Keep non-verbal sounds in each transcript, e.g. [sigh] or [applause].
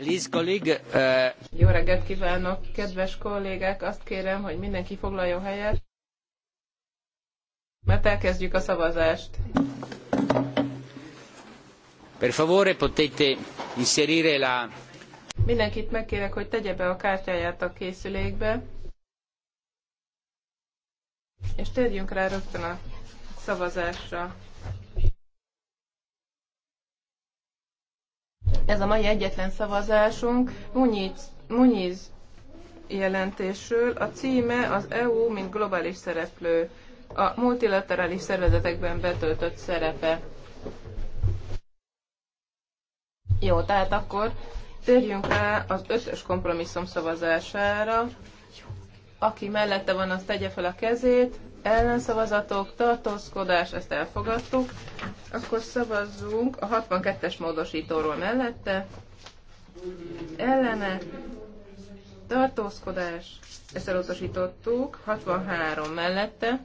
Uh, Jó reggelt kívánok, kedves kollégák! Azt kérem, hogy mindenki foglaljon helyet, mert elkezdjük a szavazást. Per favore, potete inserire la... Mindenkit megkérek, hogy tegye be a kártyáját a készülékbe, és térjünk rá rögtön a szavazásra. Ez a mai egyetlen szavazásunk Muniz, Muniz jelentésről. A címe az EU, mint globális szereplő, a multilaterális szervezetekben betöltött szerepe. Jó, tehát akkor térjünk rá az ötös kompromisszum szavazására. Aki mellette van, az tegye fel a kezét. Ellenszavazatok, tartózkodás, ezt elfogadtuk. Akkor szavazzunk a 62-es módosítóról mellette. Ellene, tartózkodás, ezt elutasítottuk. 63 mellette.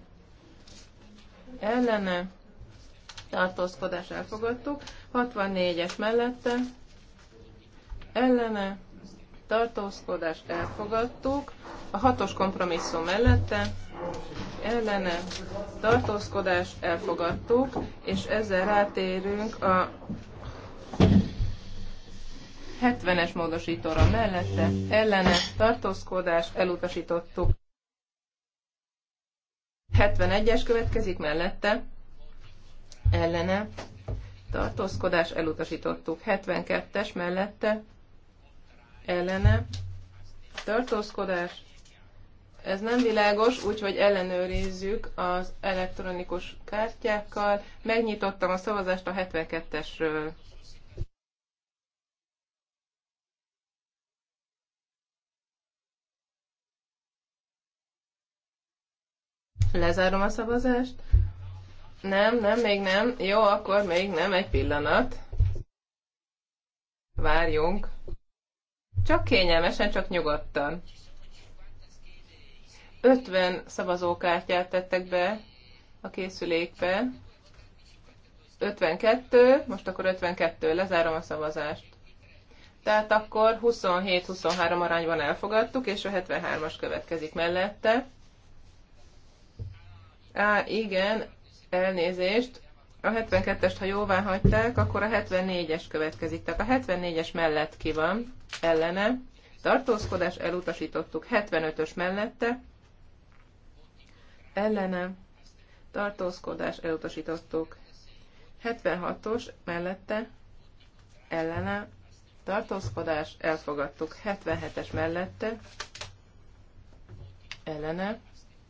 Ellene, tartózkodás elfogadtuk. 64-es mellette. Ellene, tartózkodást elfogadtuk, a hatos kompromisszum mellette ellene tartózkodást elfogadtuk, és ezzel rátérünk a 70-es módosítóra mellette ellene tartózkodást elutasítottuk. 71-es következik mellette ellene tartózkodás elutasítottuk. 72-es mellette ellene, tartózkodás, ez nem világos, úgyhogy ellenőrizzük az elektronikus kártyákkal. Megnyitottam a szavazást a 72-esről. Lezárom a szavazást. Nem, nem, még nem. Jó, akkor még nem, egy pillanat. Várjunk. Csak kényelmesen, csak nyugodtan. 50 szavazókártyát tettek be a készülékbe. 52, most akkor 52, lezárom a szavazást. Tehát akkor 27-23 arányban elfogadtuk, és a 73-as következik mellette. Á, igen, elnézést. A 72-est, ha jóvá hagyták, akkor a 74-es következik. Tehát a 74-es mellett ki van ellene, tartózkodás elutasítottuk 75-ös mellette, ellene, tartózkodás elutasítottuk 76-os mellette, ellene, tartózkodás elfogadtuk 77-es mellette, ellene,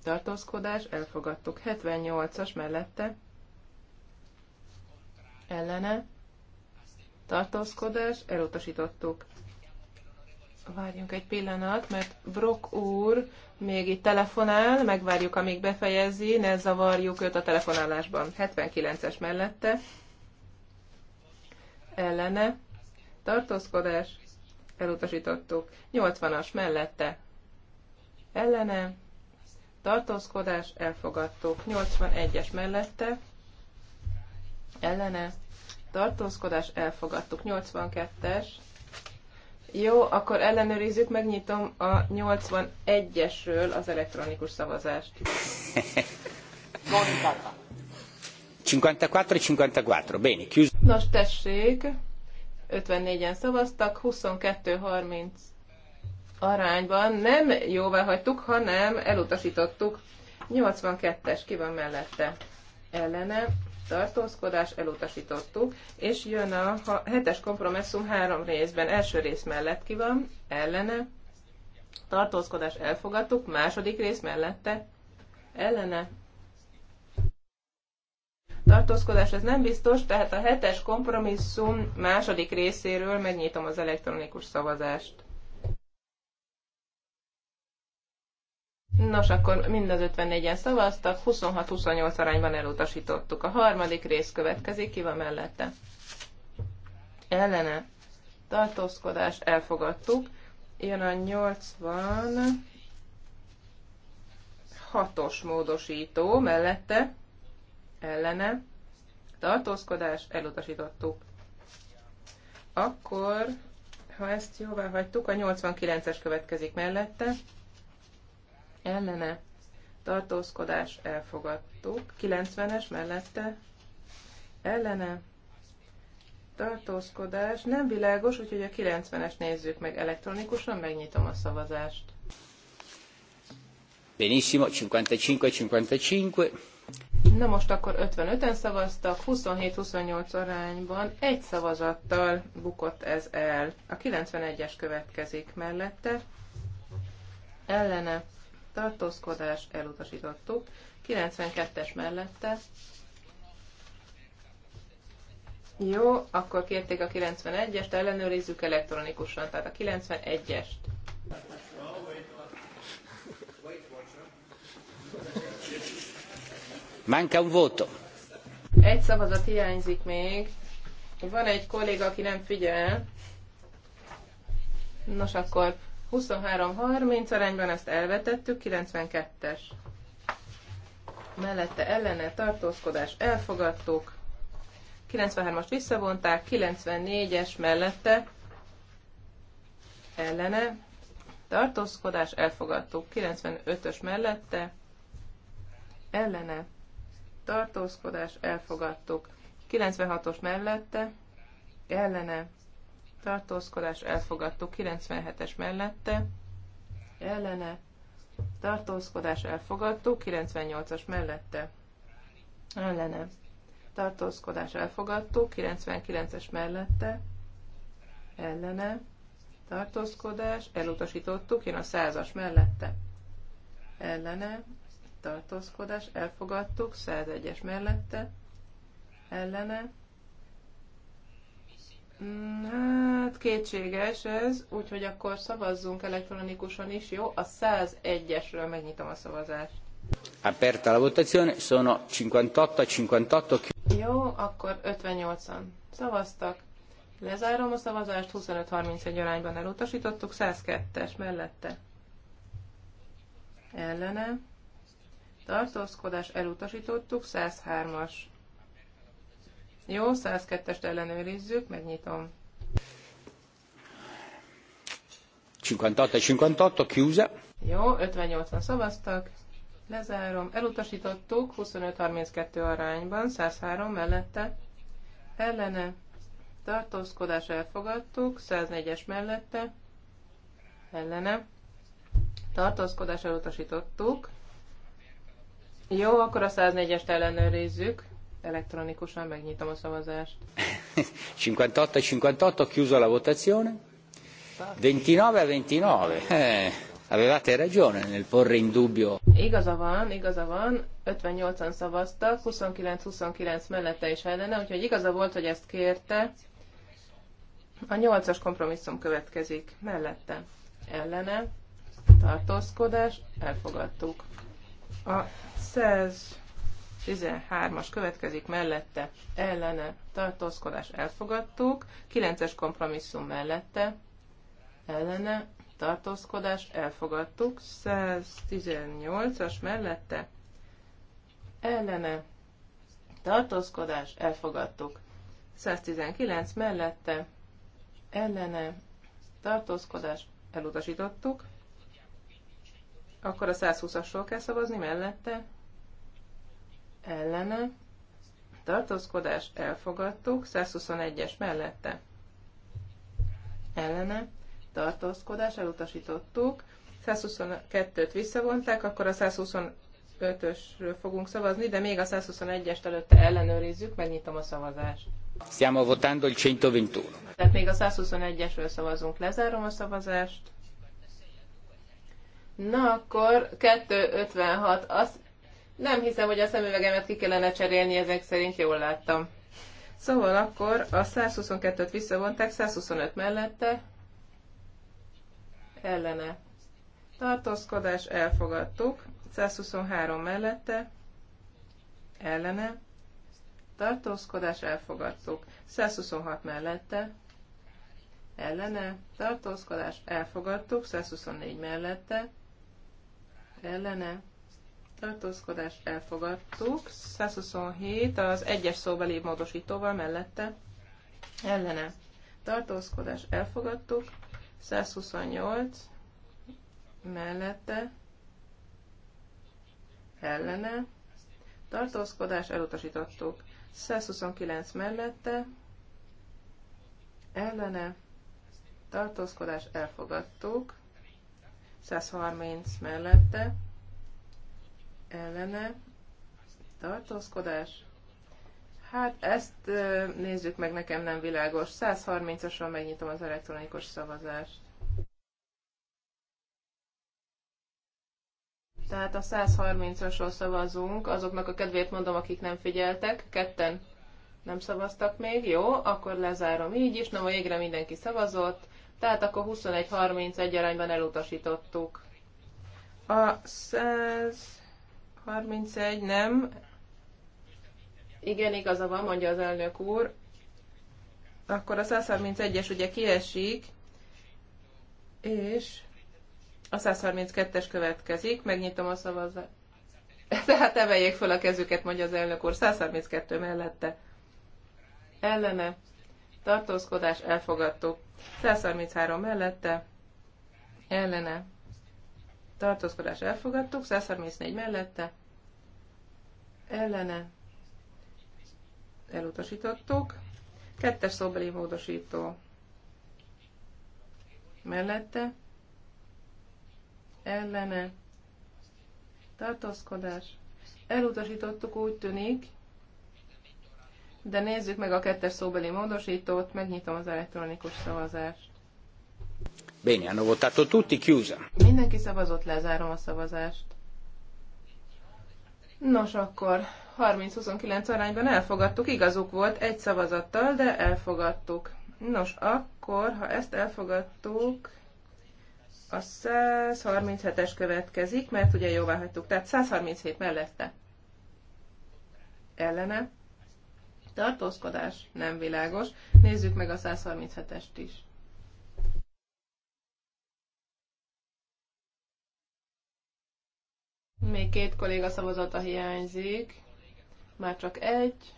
tartózkodás elfogadtuk 78-as mellette, ellene, tartózkodás elutasítottuk Várjunk egy pillanat, mert Brock úr még itt telefonál, megvárjuk, amíg befejezi, ne zavarjuk őt a telefonálásban. 79-es mellette. Ellene. Tartózkodás. Elutasítottuk. 80-as mellette. Ellene. Tartózkodás. Elfogadtuk. 81-es mellette. Ellene. Tartózkodás. Elfogadtuk. 82-es jó, akkor ellenőrizzük, megnyitom a 81-esről az elektronikus szavazást. 54-54, [laughs] béni, chiuso. Nos, tessék, 54-en szavaztak, 22-30 arányban nem jóvá hagytuk, hanem elutasítottuk. 82-es ki van mellette ellene, tartózkodás, elutasítottuk, és jön a hetes kompromisszum három részben. Első rész mellett ki van, ellene, tartózkodás elfogadtuk, második rész mellette, ellene, tartózkodás, ez nem biztos, tehát a hetes kompromisszum második részéről megnyitom az elektronikus szavazást. Nos, akkor mind az 54-en szavaztak, 26-28 arányban elutasítottuk. A harmadik rész következik, ki van mellette? Ellene. Tartózkodás, elfogadtuk. Jön a 80 hatos módosító mellette, ellene, tartózkodás, elutasítottuk. Akkor, ha ezt jóvá hagytuk, a 89-es következik mellette, ellene tartózkodás elfogadtuk, 90-es mellette ellene tartózkodás nem világos, úgyhogy a 90-es nézzük meg elektronikusan, megnyitom a szavazást. Benissimo, 55-55. Na most akkor 55-en szavaztak, 27-28 arányban, egy szavazattal bukott ez el. A 91-es következik mellette, ellene tartózkodás, elutasítottuk. 92-es mellette. Jó, akkor kérték a 91-est, ellenőrizzük elektronikusan, tehát a 91-est. Manca un voto. Egy szavazat hiányzik még. Van egy kolléga, aki nem figyel. Nos, akkor 23-30 arányban ezt elvetettük, 92-es. Mellette ellene tartózkodás elfogadtuk, 93-as visszavonták, 94-es mellette ellene tartózkodás elfogadtuk, 95-ös mellette ellene tartózkodás elfogadtuk, 96-os mellette ellene tartózkodás elfogadtuk 97-es mellette, ellene, tartózkodás elfogadtuk 98-as mellette, ellene, tartózkodás elfogadtuk 99-es mellette, ellene, tartózkodás, elutasítottuk, jön a százas mellette, ellene, tartózkodás, elfogadtuk, 101-es mellette, ellene, Hát kétséges ez, úgyhogy akkor szavazzunk elektronikusan is, jó? A 101-esről megnyitom a szavazást. Aperta la votazione, sono 58-58. Jó, akkor 58-an szavaztak. Lezárom a szavazást, 25-31 arányban elutasítottuk, 102-es mellette. Ellene. Tartózkodás elutasítottuk, 103-as jó, 102-est ellenőrizzük, megnyitom. 58-58, chiusa. Jó, 58 an szavaztak. Lezárom. Elutasítottuk 25-32 arányban, 103 mellette. Ellene. Tartózkodás elfogadtuk, 104-es mellette. Ellene. Tartózkodás elutasítottuk. Jó, akkor a 104-est ellenőrizzük elektronikusan megnyitom a szavazást. 58-58, [laughs] e chiuso la votazione. 29-29. Eh, avevate ragione nel porre in dubbio. Igaza van, igaza van, 58-an szavaztak, 29-29 mellette is ellene, úgyhogy igaza volt, hogy ezt kérte. A 8-as kompromisszum következik, mellette ellene, tartózkodás, elfogadtuk. A 100 13-as következik mellette, ellene, tartózkodás elfogadtuk, 9-es kompromisszum mellette, ellene, tartózkodás elfogadtuk, 118-as mellette, ellene, tartózkodás elfogadtuk, 119 mellette, ellene, tartózkodás elutasítottuk, akkor a 120-asról kell szavazni mellette, ellene, tartózkodás elfogadtuk, 121-es mellette ellene, tartózkodás elutasítottuk, 122-t visszavonták, akkor a 125-ösről fogunk szavazni, de még a 121-est előtte ellenőrizzük, megnyitom a szavazást. Stiamo votando il 121. Tehát még a 121-esről szavazunk, lezárom a szavazást. Na akkor 256, azt nem hiszem, hogy a szemüvegemet ki kellene cserélni, ezek szerint jól láttam. Szóval akkor a 122-t visszavonták, 125 mellette ellene. Tartózkodás elfogadtuk, 123 mellette ellene. Tartózkodás elfogadtuk, 126 mellette ellene. Tartózkodás elfogadtuk, 124 mellette ellene tartózkodás elfogadtuk. 127 az egyes szóbeli módosítóval mellette ellene tartózkodás elfogadtuk. 128 mellette ellene tartózkodás elutasítottuk. 129 mellette ellene tartózkodás elfogadtuk. 130 mellette ellene tartózkodás. Hát ezt nézzük meg, nekem nem világos. 130-ason megnyitom az elektronikus szavazást. Tehát a 130-asról szavazunk, azoknak a kedvét mondom, akik nem figyeltek, ketten nem szavaztak még, jó, akkor lezárom így is, nem a jégre mindenki szavazott, tehát akkor 21-31 arányban elutasítottuk. A 100... 31, nem. Igen, igaza van, mondja az elnök úr. Akkor a 131-es ugye kiesik, és a 132-es következik, megnyitom a szavazat. [laughs] Tehát emeljék fel a kezüket, mondja az elnök úr. 132 mellette. Ellene. Tartózkodás elfogadtuk. 133 mellette. Ellene tartózkodás elfogadtuk, 134 mellette, ellene, elutasítottuk, kettes szobeli módosító mellette, ellene, tartózkodás, elutasítottuk úgy tűnik, de nézzük meg a kettes szóbeli módosítót, megnyitom az elektronikus szavazást. Bene, hanno votato tutti, chiusa. Mindenki szavazott, lezárom a szavazást. Nos, akkor 30-29 arányban elfogadtuk, igazuk volt egy szavazattal, de elfogadtuk. Nos, akkor, ha ezt elfogadtuk, a 137-es következik, mert ugye jóvá hagytuk, tehát 137 mellette. Ellene. Tartózkodás nem világos. Nézzük meg a 137-est is. Még két kolléga szavazata hiányzik. Már csak egy.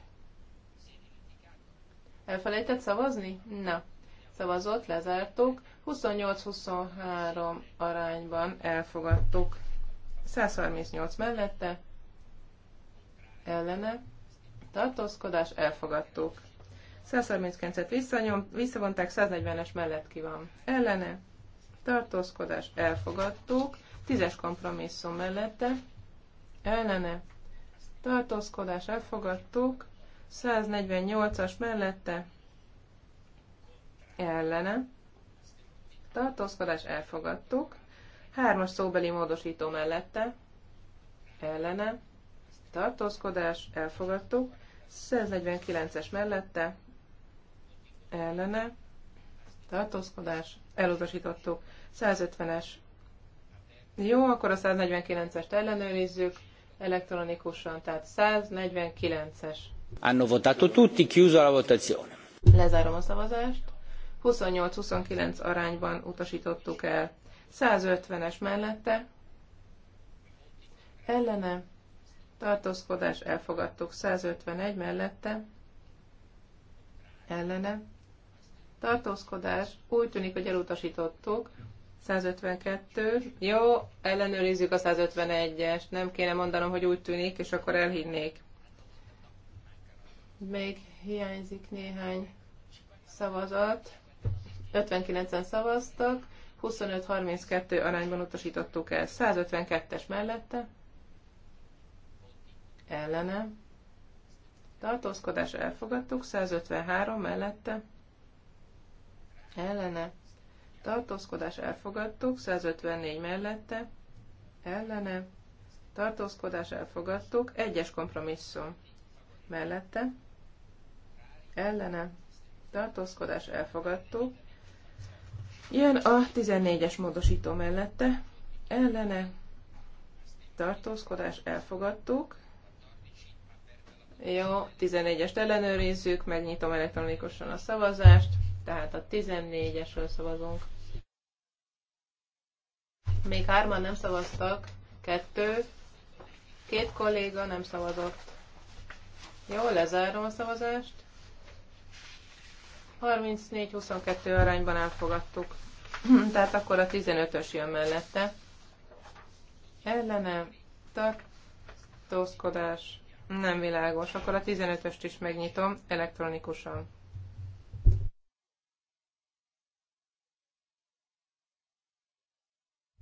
Elfelejtett szavazni? Na. Szavazott, lezártuk. 28-23 arányban elfogadtuk. 138 mellette, ellene, tartózkodás, elfogadtuk. 139-et visszanyom, visszavonták, 140-es mellett ki van. Ellene, tartózkodás, elfogadtuk. Tízes kompromisszum mellette, ellene, tartózkodás elfogadtuk, 148-as mellette, ellene, tartózkodás elfogadtuk, hármas szóbeli módosító mellette, ellene, tartózkodás elfogadtuk, 149-es mellette, ellene, tartózkodás, elutasítottuk, 150-es jó, akkor a 149-est ellenőrizzük elektronikusan, tehát 149-es. Hanno votato tutti, chiuso la votazione. Lezárom a szavazást. 28-29 arányban utasítottuk el. 150-es mellette. Ellene. Tartózkodás elfogadtuk. 151 mellette. Ellene. Tartózkodás. Úgy tűnik, hogy elutasítottuk, 152. Jó, ellenőrizzük a 151-est. Nem kéne mondanom, hogy úgy tűnik, és akkor elhinnék. Még hiányzik néhány szavazat. 59-en szavaztak, 25-32 arányban utasítottuk el. 152-es mellette. Ellene. Tartózkodás elfogadtuk, 153 mellette. Ellene tartózkodás elfogadtuk, 154 mellette, ellene, tartózkodás elfogadtuk, egyes kompromisszum mellette, ellene, tartózkodás elfogadtuk, jön a 14-es módosító mellette, ellene, tartózkodás elfogadtuk, jó, 14-est ellenőrizzük, megnyitom elektronikusan a szavazást, tehát a 14-esről szavazunk. Még hárman nem szavaztak, kettő, két kolléga nem szavazott. Jó, lezárom a szavazást. 34-22 arányban elfogadtuk. [clears throat] Tehát akkor a 15-ös jön mellette. Ellene tartózkodás nem világos. Akkor a 15-öst is megnyitom elektronikusan.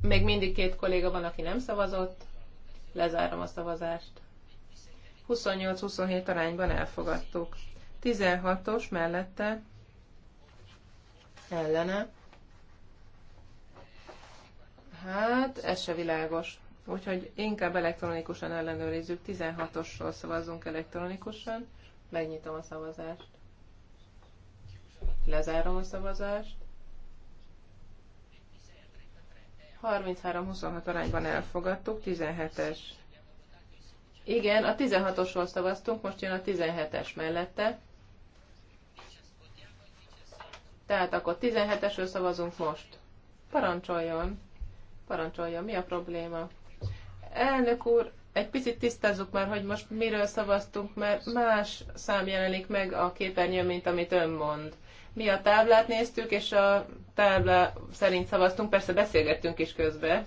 Még mindig két kolléga van, aki nem szavazott. Lezárom a szavazást. 28-27 arányban elfogadtuk. 16-os mellette ellene. Hát, ez se világos. Úgyhogy inkább elektronikusan ellenőrizzük. 16-osról szavazzunk elektronikusan. Megnyitom a szavazást. Lezárom a szavazást. 33-26 arányban elfogadtuk, 17-es. Igen, a 16-osról szavaztunk, most jön a 17-es mellette. Tehát akkor 17-esről szavazunk most. Parancsoljon. Parancsoljon, mi a probléma? Elnök úr, egy picit tisztázzuk már, hogy most miről szavaztunk, mert más szám jelenik meg a képernyőn, mint amit ön mond. Mi a táblát néztük, és a tábla szerint szavaztunk, persze beszélgettünk is közben.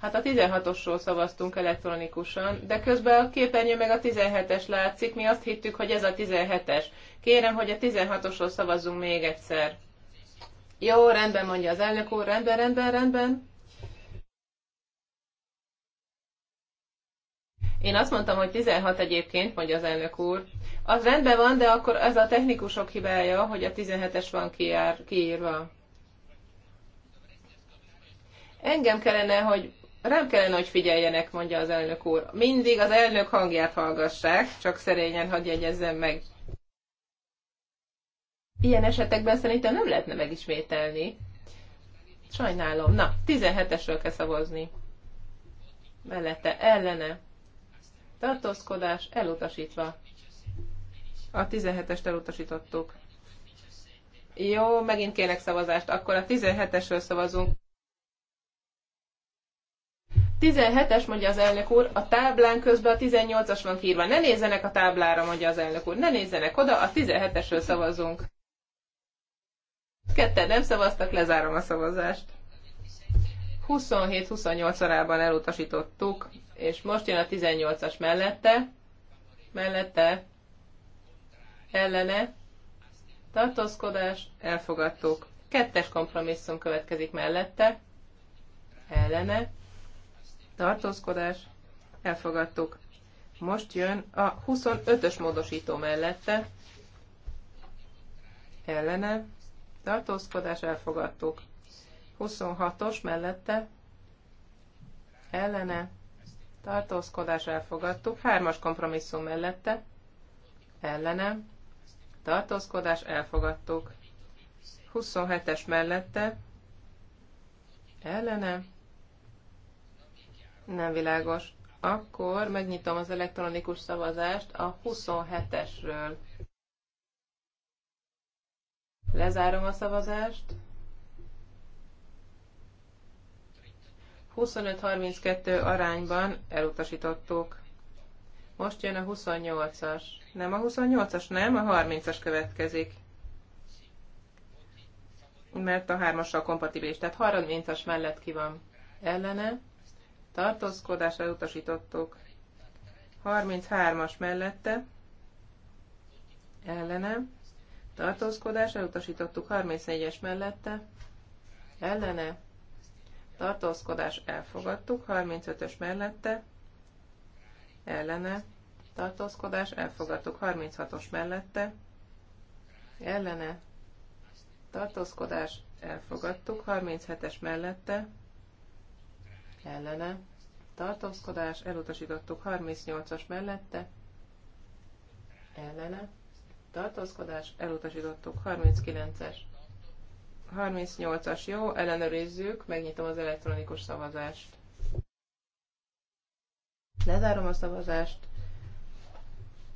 Hát a 16-osról szavaztunk elektronikusan, de közben a képernyő meg a 17-es látszik, mi azt hittük, hogy ez a 17-es. Kérem, hogy a 16-osról szavazzunk még egyszer. Jó, rendben mondja az elnök úr, rendben, rendben, rendben. Én azt mondtam, hogy 16 egyébként, mondja az elnök úr. Az rendben van, de akkor ez a technikusok hibája, hogy a 17-es van kiár, kiírva. Engem kellene, hogy rám kellene, hogy figyeljenek, mondja az elnök úr. Mindig az elnök hangját hallgassák, csak szerényen hadd jegyezzem meg. Ilyen esetekben szerintem nem lehetne megismételni. Sajnálom. Na, 17-esről kell szavazni. Mellette, ellene tartózkodás elutasítva. A 17-est elutasítottuk. Jó, megint kérek szavazást, akkor a 17-esről szavazunk. 17-es, mondja az elnök úr, a táblán közben a 18-as van kírva. Ne nézzenek a táblára, mondja az elnök úr. Ne nézzenek oda, a 17-esről szavazunk. Ketten nem szavaztak, lezárom a szavazást. 27-28 arában elutasítottuk és most jön a 18-as mellette, mellette, ellene, tartózkodás, elfogadtuk. Kettes kompromisszum következik mellette, ellene, tartózkodás, elfogadtuk. Most jön a 25-ös módosító mellette, ellene, tartózkodás, elfogadtuk. 26-os mellette, ellene, tartózkodás elfogadtuk, hármas kompromisszum mellette, ellene, tartózkodás elfogadtuk, 27-es mellette, ellene, nem világos. Akkor megnyitom az elektronikus szavazást a 27-esről. Lezárom a szavazást. 25-32 arányban elutasítottuk. Most jön a 28-as. Nem a 28-as, nem, a 30-as következik. Mert a 3-assal kompatibilis, tehát 30-as mellett ki van ellene. Tartózkodás elutasítottuk. 33-as mellette ellene. Tartózkodás elutasítottuk 34-es mellette ellene tartózkodás elfogadtuk, 35-ös mellette, ellene, tartózkodás elfogadtuk, 36-os mellette, ellene, tartózkodás elfogadtuk, 37-es mellette, ellene, tartózkodás elutasítottuk, 38-as mellette, ellene, tartózkodás elutasítottuk, 39-es 38-as, jó, ellenőrizzük, megnyitom az elektronikus szavazást. Lezárom a szavazást.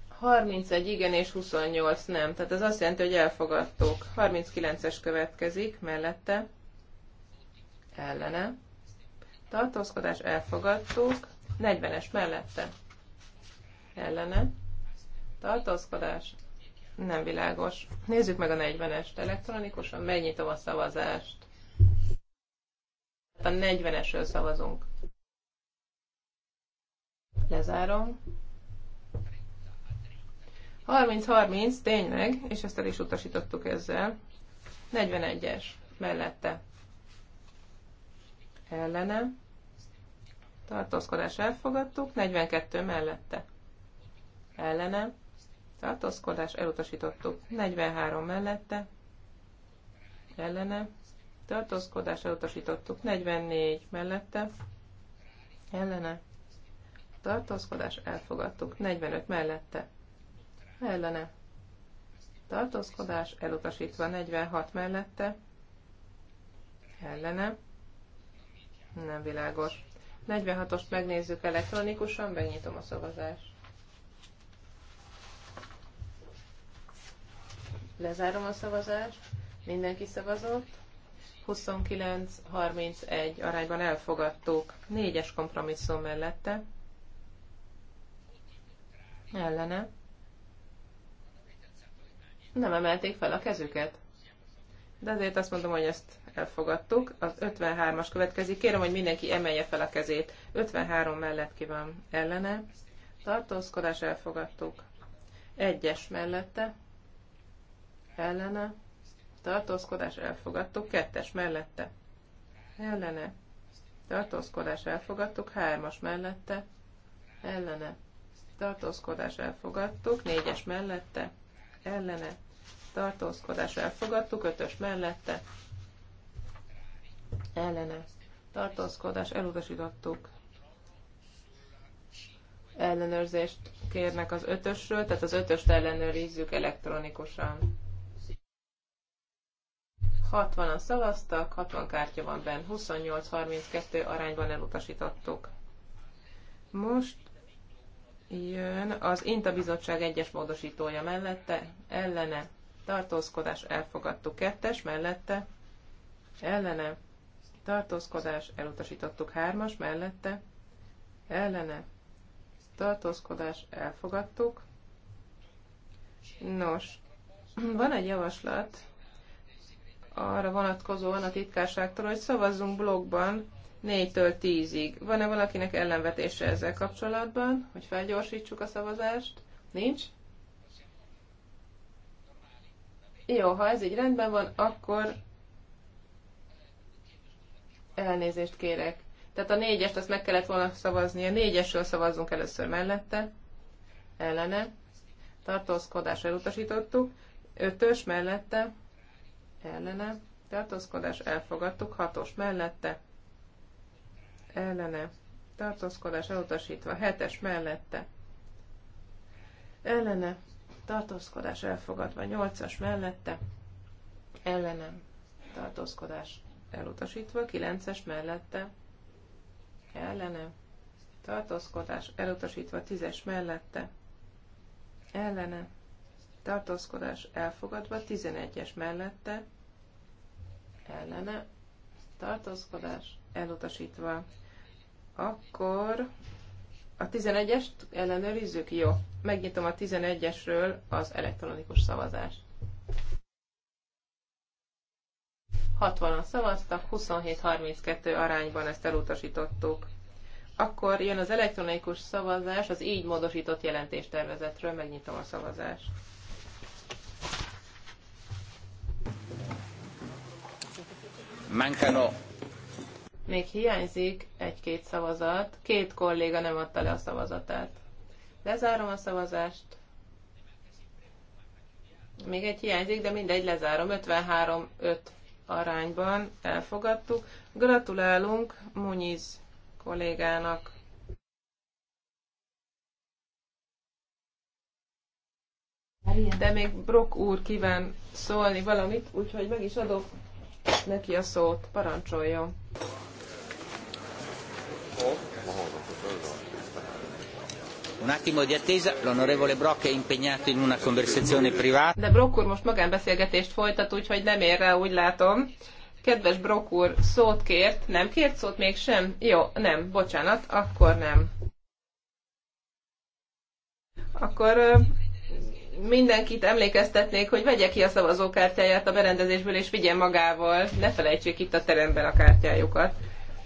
31 igen és 28 nem, tehát ez azt jelenti, hogy elfogadtuk. 39-es következik, mellette, ellene. Tartózkodás elfogadtuk, 40-es mellette, ellene. Tartózkodás nem világos. Nézzük meg a 40-est elektronikusan, megnyitom a szavazást. A 40-esről szavazunk. Lezárom. 30-30, tényleg, és ezt el is utasítottuk ezzel. 41-es mellette. Ellene. Tartózkodás elfogadtuk. 42 mellette. Ellene tartózkodás, elutasítottuk. 43 mellette, ellene, tartózkodás, elutasítottuk. 44 mellette, ellene, tartózkodás, elfogadtuk. 45 mellette, ellene, tartózkodás, elutasítva. 46 mellette, ellene, nem világos. 46-ost megnézzük elektronikusan, benyitom a szavazást. Lezárom a szavazást. Mindenki szavazott. 29-31 arányban elfogadtuk. Négyes kompromisszum mellette. Ellene. Nem emelték fel a kezüket. De azért azt mondom, hogy ezt elfogadtuk. Az 53-as következik. Kérem, hogy mindenki emelje fel a kezét. 53 mellett ki van ellene. Tartózkodás elfogadtuk. Egyes mellette ellene, tartózkodás elfogadtuk, kettes mellette, ellene, tartózkodás elfogadtuk, hármas mellette, ellene, tartózkodás elfogadtuk, négyes mellette, ellene, tartózkodás elfogadtuk, ötös mellette, ellene, tartózkodás elutasítottuk, ellenőrzést kérnek az ötösről, tehát az ötöst ellenőrizzük elektronikusan. 60-an szavaztak, 60 kártya van benn, 28-32 arányban elutasítottuk. Most jön az INTA bizottság egyes módosítója mellette, ellene, tartózkodás, elfogadtuk, kettes mellette, ellene, tartózkodás, elutasítottuk, hármas mellette, ellene, tartózkodás, elfogadtuk. Nos, [clears throat] van egy javaslat, arra vonatkozóan a titkárságtól, hogy szavazzunk blogban 4-től 10-ig. Van-e valakinek ellenvetése ezzel kapcsolatban, hogy felgyorsítsuk a szavazást? Nincs? Jó, ha ez így rendben van, akkor elnézést kérek. Tehát a négyest azt meg kellett volna szavazni. A négyesről szavazzunk először mellette, ellene. Tartózkodás elutasítottuk. Ötös mellette, ellene, tartózkodás elfogadtuk, hatos mellette, ellene, tartózkodás elutasítva, hetes mellette, ellene, tartózkodás elfogadva, nyolcas mellette, ellene, tartózkodás elutasítva, kilences mellette, ellene, tartózkodás elutasítva, tízes mellette, ellene, tartózkodás elfogadva, 11-es mellette, ellene, tartózkodás elutasítva. Akkor a 11-est ellenőrizzük? Jó. Megnyitom a 11-esről az elektronikus szavazást. 60-an szavaztak, 27-32 arányban ezt elutasítottuk. Akkor jön az elektronikus szavazás, az így módosított jelentéstervezetről, megnyitom a szavazást. Mancano. Még hiányzik egy-két szavazat. Két kolléga nem adta le a szavazatát. Lezárom a szavazást. Még egy hiányzik, de mindegy, lezárom. 53-5 arányban elfogadtuk. Gratulálunk Muniz kollégának. De még Brok úr kíván szólni valamit, úgyhogy meg is adok neki a szót. parancsolja. Un attimo di attesa, l'onorevole Brock è impegnato in una conversazione privata. De Brock úr most magánbeszélgetést folytat, úgyhogy nem ér rá, úgy látom. Kedves Brock úr, szót kért, nem kért szót még sem? Jó, nem, bocsánat, akkor nem. Akkor mindenkit emlékeztetnék, hogy vegye ki a szavazókártyáját a berendezésből, és vigyen magával. Ne felejtsék itt a teremben a kártyájukat.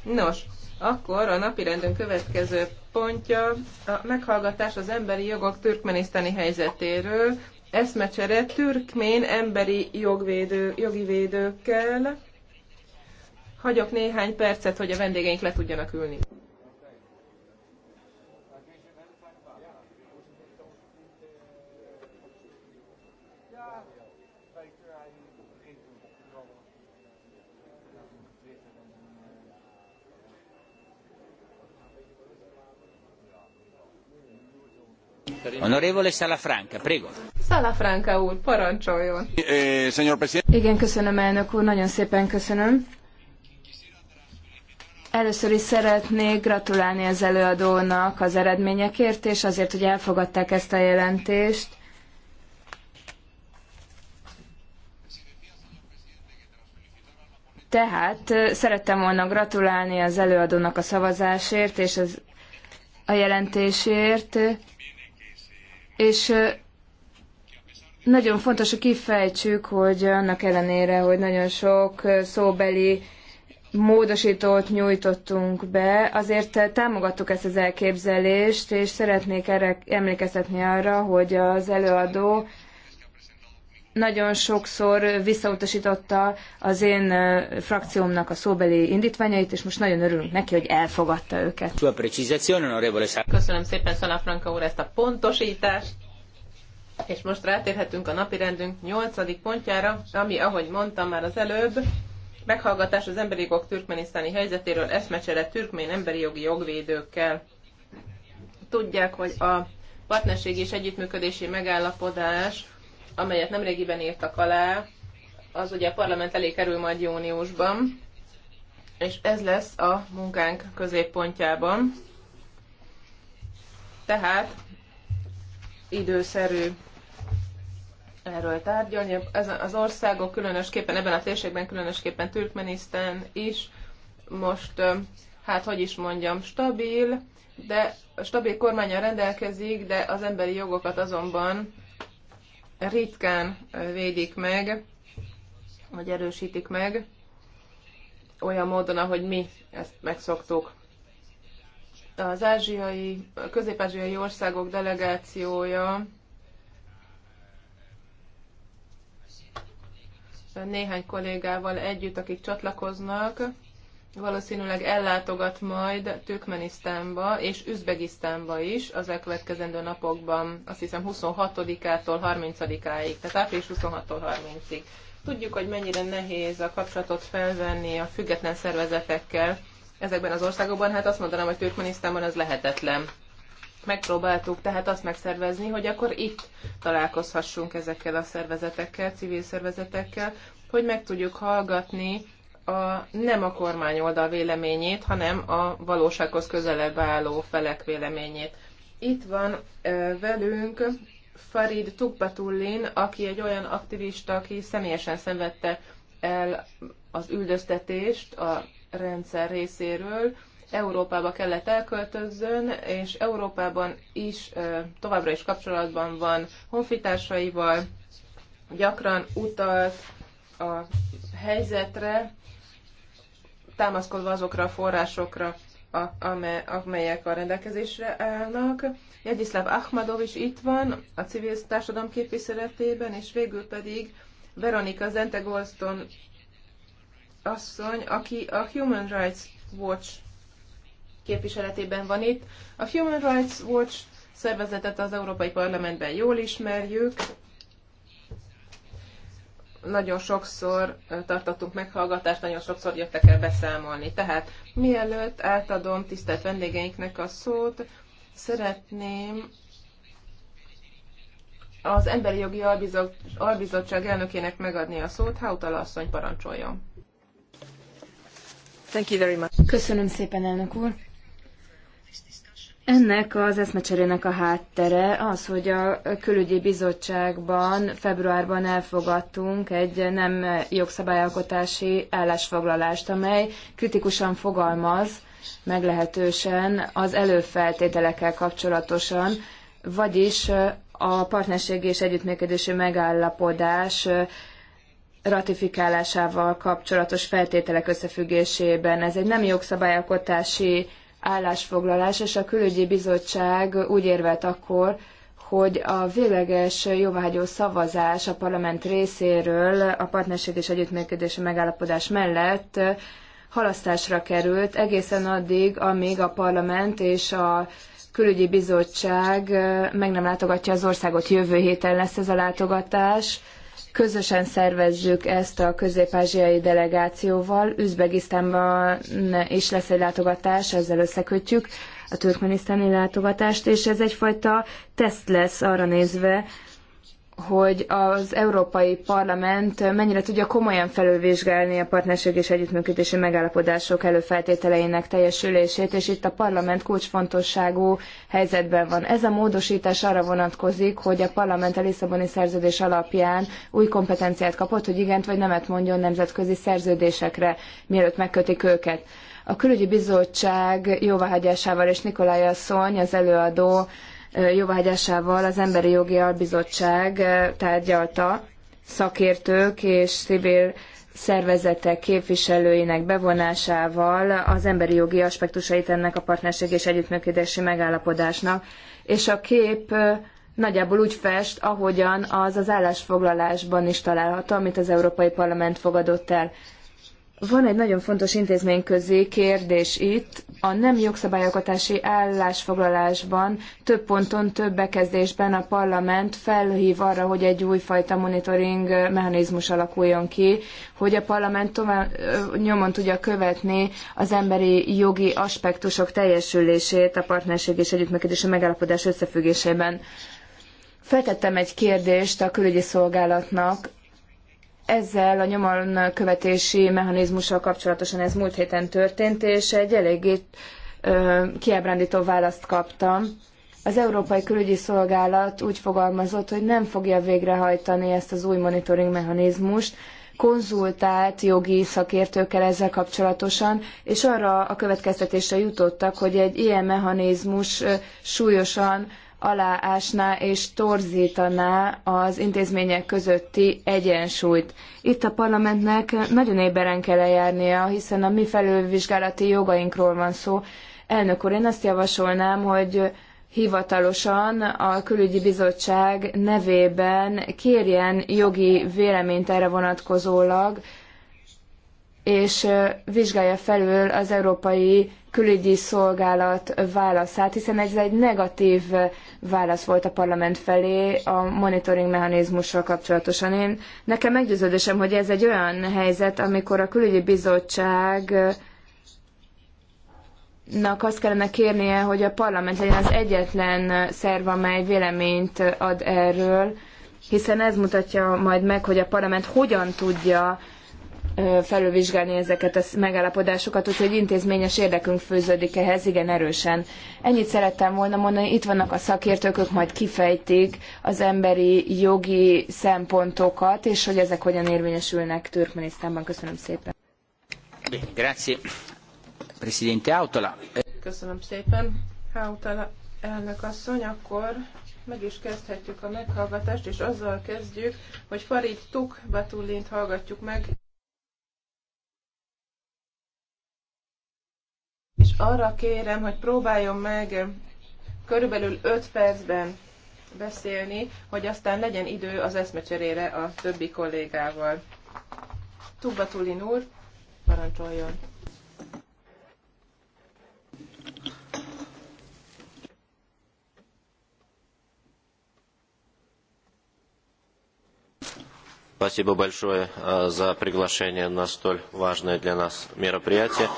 Nos, akkor a rendünk következő pontja a meghallgatás az emberi jogok türkmenisztani helyzetéről. Eszmecsere türkmén emberi jogvédő, jogi védőkkel. Hagyok néhány percet, hogy a vendégeink le tudjanak ülni. Onorevole Salafranca, prego. Salafranca úr, parancsoljon. Eh, Igen, köszönöm, elnök úr, nagyon szépen köszönöm. Először is szeretnék gratulálni az előadónak az eredményekért, és azért, hogy elfogadták ezt a jelentést. Tehát szerettem volna gratulálni az előadónak a szavazásért és az, a jelentésért, és nagyon fontos, hogy kifejtsük, hogy annak ellenére, hogy nagyon sok szóbeli módosítót nyújtottunk be, azért támogattuk ezt az elképzelést, és szeretnék erre emlékeztetni arra, hogy az előadó nagyon sokszor visszautasította az én frakciómnak a szóbeli indítványait, és most nagyon örülünk neki, hogy elfogadta őket. Köszönöm szépen, Franka úr, ezt a pontosítást. És most rátérhetünk a napirendünk 8. pontjára, ami, ahogy mondtam már az előbb, meghallgatás az emberi jogok türkmenisztáni helyzetéről eszmecsere türkmén emberi jogi jogvédőkkel. Tudják, hogy a partnerség és együttműködési megállapodás amelyet nemrégiben írtak alá, az ugye a parlament elé kerül majd júniusban, és ez lesz a munkánk középpontjában. Tehát időszerű erről tárgyalni. Ez az országok különösképpen, ebben a térségben különösképpen Türkmenisztán is most, hát hogy is mondjam, stabil, de stabil kormánya rendelkezik, de az emberi jogokat azonban ritkán védik meg, vagy erősítik meg, olyan módon, ahogy mi ezt megszoktuk. Az ázsiai, közép-ázsiai országok delegációja néhány kollégával együtt, akik csatlakoznak, valószínűleg ellátogat majd Türkmenisztánba és Üzbegisztánba is az elkövetkezendő napokban, azt hiszem 26-ától 30-áig, tehát április 26-tól 30-ig. Tudjuk, hogy mennyire nehéz a kapcsolatot felvenni a független szervezetekkel ezekben az országokban, hát azt mondanám, hogy Türkmenisztánban ez lehetetlen. Megpróbáltuk tehát azt megszervezni, hogy akkor itt találkozhassunk ezekkel a szervezetekkel, civil szervezetekkel, hogy meg tudjuk hallgatni a, nem a kormány oldal véleményét, hanem a valósághoz közelebb álló felek véleményét. Itt van velünk Farid Tukbatullin, aki egy olyan aktivista, aki személyesen szenvedte el az üldöztetést a rendszer részéről, Európába kellett elköltözzön, és Európában is továbbra is kapcsolatban van honfitársaival, gyakran utalt a helyzetre, támaszkodva azokra a forrásokra, a, amelyek a rendelkezésre állnak. Jegyiszláv Ahmadov is itt van a civil társadalom képviseletében, és végül pedig Veronika Zentegoldstone asszony, aki a Human Rights Watch képviseletében van itt. A Human Rights Watch szervezetet az Európai Parlamentben jól ismerjük, nagyon sokszor tartottunk meghallgatást, nagyon sokszor jöttek el beszámolni. Tehát mielőtt átadom tisztelt vendégeinknek a szót, szeretném az Emberi Jogi Albizottság elnökének megadni a szót. Hautala asszony parancsoljon. Thank you very much. Köszönöm szépen, elnök úr. Ennek az eszmecserének a háttere az, hogy a külügyi bizottságban februárban elfogadtunk egy nem jogszabályalkotási állásfoglalást, amely kritikusan fogalmaz meglehetősen az előfeltételekkel kapcsolatosan, vagyis a partnerségi és együttműködési megállapodás ratifikálásával kapcsolatos feltételek összefüggésében. Ez egy nem jogszabályalkotási állásfoglalás, és a külügyi bizottság úgy érvelt akkor, hogy a végleges jóváhagyó szavazás a parlament részéről a partnerség és együttműködési megállapodás mellett halasztásra került egészen addig, amíg a parlament és a külügyi bizottság meg nem látogatja az országot. Jövő héten lesz ez a látogatás. Közösen szervezzük ezt a közép-ázsiai delegációval. Üzbegisztánban is lesz egy látogatás, ezzel összekötjük a türkmenisztáni látogatást, és ez egyfajta teszt lesz arra nézve, hogy az Európai Parlament mennyire tudja komolyan felülvizsgálni a partnerség és együttműködési megállapodások előfeltételeinek teljesülését, és itt a parlament kulcsfontosságú helyzetben van. Ez a módosítás arra vonatkozik, hogy a parlament a Lisszaboni szerződés alapján új kompetenciát kapott, hogy igent vagy nemet mondjon nemzetközi szerződésekre, mielőtt megkötik őket. A külügyi bizottság jóváhagyásával és Nikolaj asszony, az előadó jóváhagyásával az Emberi Jogi Albizottság tárgyalta szakértők és civil szervezetek képviselőinek bevonásával az emberi jogi aspektusait ennek a partnerség és együttműködési megállapodásnak, és a kép nagyjából úgy fest, ahogyan az az állásfoglalásban is található, amit az Európai Parlament fogadott el. Van egy nagyon fontos intézményközi kérdés itt. A nem jogszabályalkotási állásfoglalásban több ponton, több bekezdésben a parlament felhív arra, hogy egy újfajta monitoring mechanizmus alakuljon ki, hogy a parlament tovább nyomon tudja követni az emberi jogi aspektusok teljesülését a partnerség és a megállapodás összefüggésében. Feltettem egy kérdést a külügyi szolgálatnak ezzel a nyomon követési mechanizmussal kapcsolatosan ez múlt héten történt, és egy eléggé kiábrándító választ kaptam. Az Európai Külügyi Szolgálat úgy fogalmazott, hogy nem fogja végrehajtani ezt az új monitoring mechanizmust, konzultált jogi szakértőkkel ezzel kapcsolatosan, és arra a következtetésre jutottak, hogy egy ilyen mechanizmus súlyosan aláásná és torzítaná az intézmények közötti egyensúlyt. Itt a parlamentnek nagyon éberen kell eljárnia, hiszen a mi felülvizsgálati jogainkról van szó. Elnök úr, én azt javasolnám, hogy hivatalosan a külügyi bizottság nevében kérjen jogi véleményt erre vonatkozólag és vizsgálja felül az Európai Külügyi Szolgálat válaszát, hiszen ez egy negatív válasz volt a parlament felé a monitoring mechanizmussal kapcsolatosan. Én nekem meggyőződésem, hogy ez egy olyan helyzet, amikor a külügyi bizottság azt kellene kérnie, hogy a parlament legyen az egyetlen szerv, amely véleményt ad erről, hiszen ez mutatja majd meg, hogy a parlament hogyan tudja felülvizsgálni ezeket a megállapodásokat, úgyhogy intézményes érdekünk fűződik ehhez igen erősen. Ennyit szerettem volna mondani, itt vannak a szakértők, ők majd kifejtik az emberi jogi szempontokat, és hogy ezek hogyan érvényesülnek Türkmenisztánban. Köszönöm szépen. Grazie. Presidente Autola. Köszönöm szépen. Hautala elnök asszony, akkor meg is kezdhetjük a meghallgatást, és azzal kezdjük, hogy Farid Tuk Batullint hallgatjuk meg. arra kérem, hogy próbáljon meg körülbelül 5 percben beszélni, hogy aztán legyen idő az eszmecserére a többi kollégával. Tulin úr, parancsoljon! Спасибо большое за приглашение на столь важное для нас мероприятие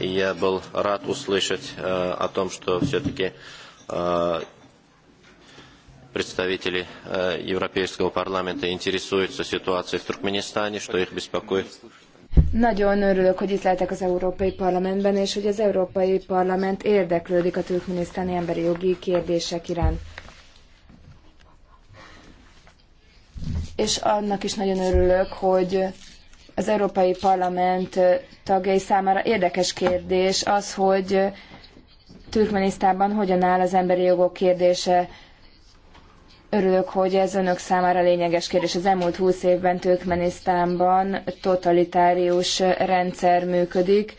и я был рад услышать о том, что все-таки представители Европейского парламента интересуются ситуацией в Туркменистане, что их беспокоит. Nagyon örülök, hogy itt lehetek az Európai Parlamentben, és hogy az Európai Parlament érdeklődik a türkmenisztáni emberi jogi kérdések iránt. És annak is nagyon örülök, hogy az Európai Parlament tagjai számára érdekes kérdés az, hogy Türkmenisztában hogyan áll az emberi jogok kérdése. Örülök, hogy ez önök számára lényeges kérdés. Az elmúlt húsz évben Türkmenisztánban totalitárius rendszer működik,